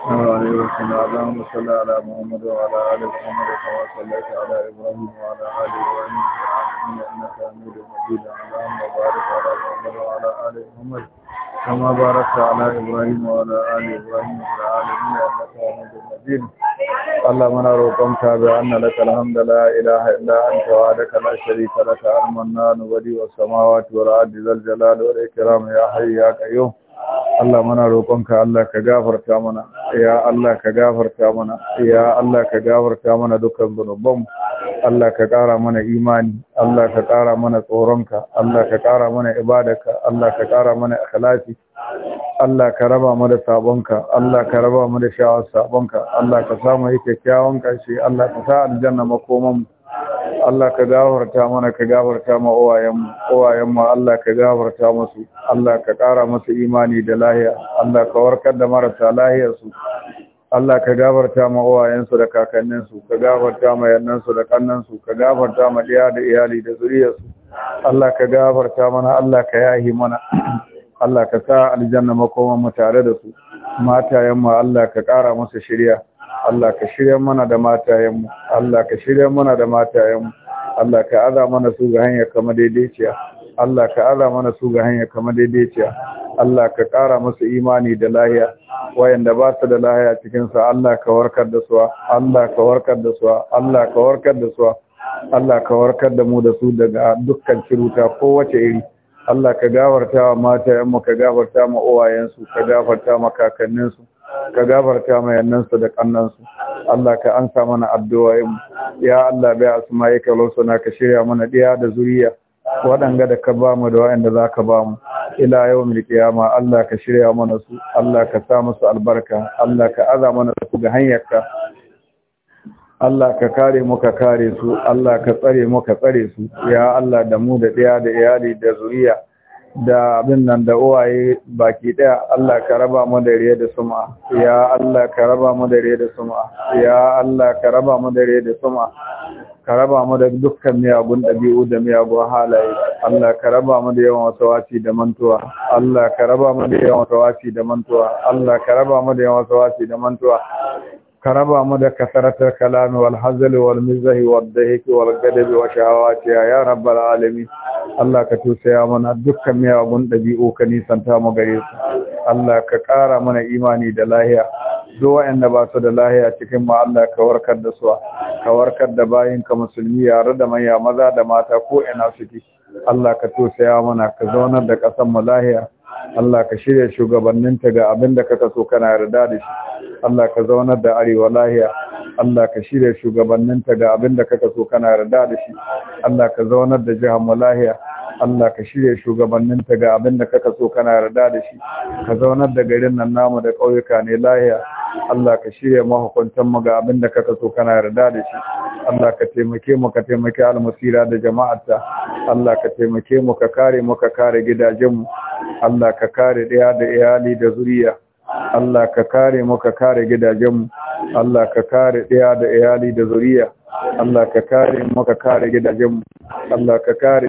عليه وسلم اللهم صل على محمد وعلى ال محمد كما صليت على ابراهيم وعلى ال ابراهيم في العالمين انك حميد مجيد اللهم بارك على محمد وعلى ال محمد كما باركت على ابراهيم وعلى ال ابراهيم في العالمين انك حميد مجيد اللهم انا روقمك بان لك الحمد لا اله الا انت وحدك لا شريك لك المنان ولي والسماوات والارض ذا الجلال والاكرام يا حي يا قيوم Allah muna roƙonka Allah ka gafarta mana ya Allah ka gafarta mana ya Allah ka gafarta mana dukkan zunuban. Allah ka ƙara mana imani Allah ka ƙara mana tsoronka Allah ka ƙara mana ibadarka Allah ka ƙara mana ikhlasi Allah ka raba mu da sabonka Allah ka raba mu da sha'awar sabonka Allah ka samu yi kyakkyawan kashi. Allah ka sa aljanna makomanmu Allah ka gafarta mana ka gafarta ma uwayenmu uwayenmu Allah ka gafarta musu Allah ka kara musu imani da lahiya Allah ka warkar da marasa lahiyarsu Allah ka gafarta ma uwayensu da kakanninsu ka gafarta ma yannansu da kannansu ka gafarta ma ɗiya da iyali da su Allah ka gafarta mana Allah ka yahi mana Allah ka sa aljanna makoman mutare tare da su matayen ma Allah ka kara musu shirya Allah ka shirya mana da matayenmu Allah ka shirya mana da matayenmu Allah ka aza mana su ga hanyar kama daidaiciya Allah ka aza mana su ga hanyar kama daidaiciya Allah ka ƙara musu imani da lahiya wayanda ba su da lahiya cikin su Allah ka warkar da su Allah ka warkar da su Allah ka warkar da su Allah ka warkar da mu da su daga dukkan ciruta wace iri Allah ka gafarta wa matayenmu ka gafarta ma uwayensu ka gafarta ma kakanninsu ka gafarta mai yannansu da kannansu Allah ka ansa mana addu'o'in ya Allah bai asma'ika lusuna ka shirya mana ɗiya da zuriya waɗanga da ka bamu da wayanda za ka ba mu ila yau mil kiyama Allah ka shirya mana su Allah ka sa musu albarka Allah ka aza mana su ga hanyarka Allah ka kare mu ka kare su Allah ka tsare mu ka tsare su ya Allah da mu da ɗaya da iyali da zuriya da abin nan da uwaye baki daya Allah ka raba mu da riya da suma ya Allah ka raba mu da riya da suma ya Allah ka raba mu da riya da suma ka raba mu da dukkan miyagun dabi'u da miyagun halaye Allah ka raba mu da yawan wasawaci da mantuwa Allah ka raba mu da yawan wasawaci da mantuwa Allah ka raba mu da yawan wasawaci da mantuwa ka raba mu da kasar ta wal hazali wal mizahi wal dahiki wal gadabi wa ya rabbal alamin Allah ka tusaya mana dukkan miyagun dabi'u ka nisanta mu gare su Allah ka ƙara mana imani da lahiya duk waɗanda ba su da lahiya cikin mu Allah ka warkar da su ka warkar da bayin musulmi yare da manya maza da mata ko ina suke Allah ka tosaya mana ka zaunar da ƙasar mu lahiya Allah ka shirya shugabanninta ga abin da kaka so kana yarda da shi Allah ka zaunar da arewa lahiya Allah ka shirya shugabanninta ga abin da kaka so kana yarda da shi Allah ka zaunar da jihar mu lahiya Allah ka shirya shugabanninta ga abin da kaka so kana yarda da shi ka zaunar da garin nan namu da ƙauyuka ne lahiya Allah ka shirya mahukuntan mu ga abin da kaka so kana yarda da shi Allah ka taimake mu ka taimake almasira da jama'arta Allah ka taimake mu ka kare mu ka kare gidajen mu Allah ka kare daya da iyali da zuriya Allah ka kare mu ka kare gidajenmu Allah ka kare daya da iyali da zuriya Allah ka kare mu ka kare gidajenmu Allah ka kare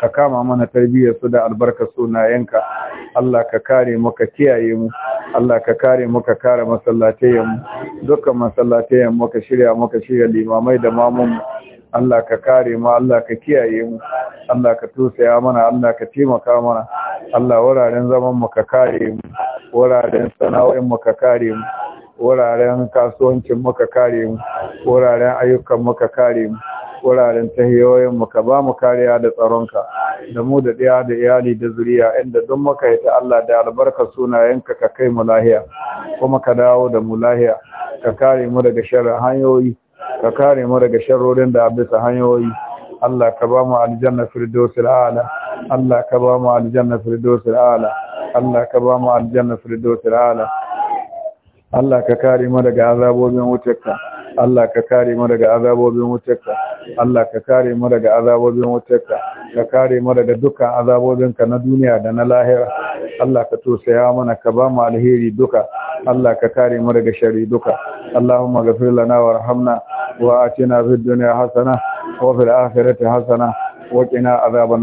ka kama mana tarbiyyar su da albarka sunayenka Allah ka kare mu ka kiyaye mu Allah ka kare mu ka kare masallatayen mu dukkan masallatayen mu ka shirya mu ka shirya limamai da mamun mu Allah ka kare mu Allah ka kiyaye mu Allah ka tusaya mana Allah ka taimaka mana Allah wuraren zaman mu ka kare mu wuraren sana'o'in mu ka kare mu wuraren kasuwancin mu ka kare mu wuraren ayyukan mu ka kare mu wuraren ta mu ka ba mu kariya da tsaronka da mu da ɗaya da iyali da zuriya inda don maka yi ta Allah da albarka sunayenka ka kai mu lahiya kuma ka dawo da mu lahiya ka kare mu daga sharrin hanyoyi ka kare mu daga sharrorin da bisa hanyoyi Allah ka ba mu aljanna firdausil a'la Allah ka ba mu aljanna firdausil a'la Allah ka ba mu aljanna firdausil a'la Allah ka kare mu daga azabobin wutarka Allah ka kare mu daga azabobin wutarka Allah ka kare mu daga azabobin wutarka ka kare mu daga dukkan azabobinka na duniya da na lahira Allah ka tosaya mana ka ba mu alheri duka Allah ka kare mu daga shari duka Allahumma ghafir lana warhamna wa atina fid dunya hasana wa fil akhirati hasana wa qina azaban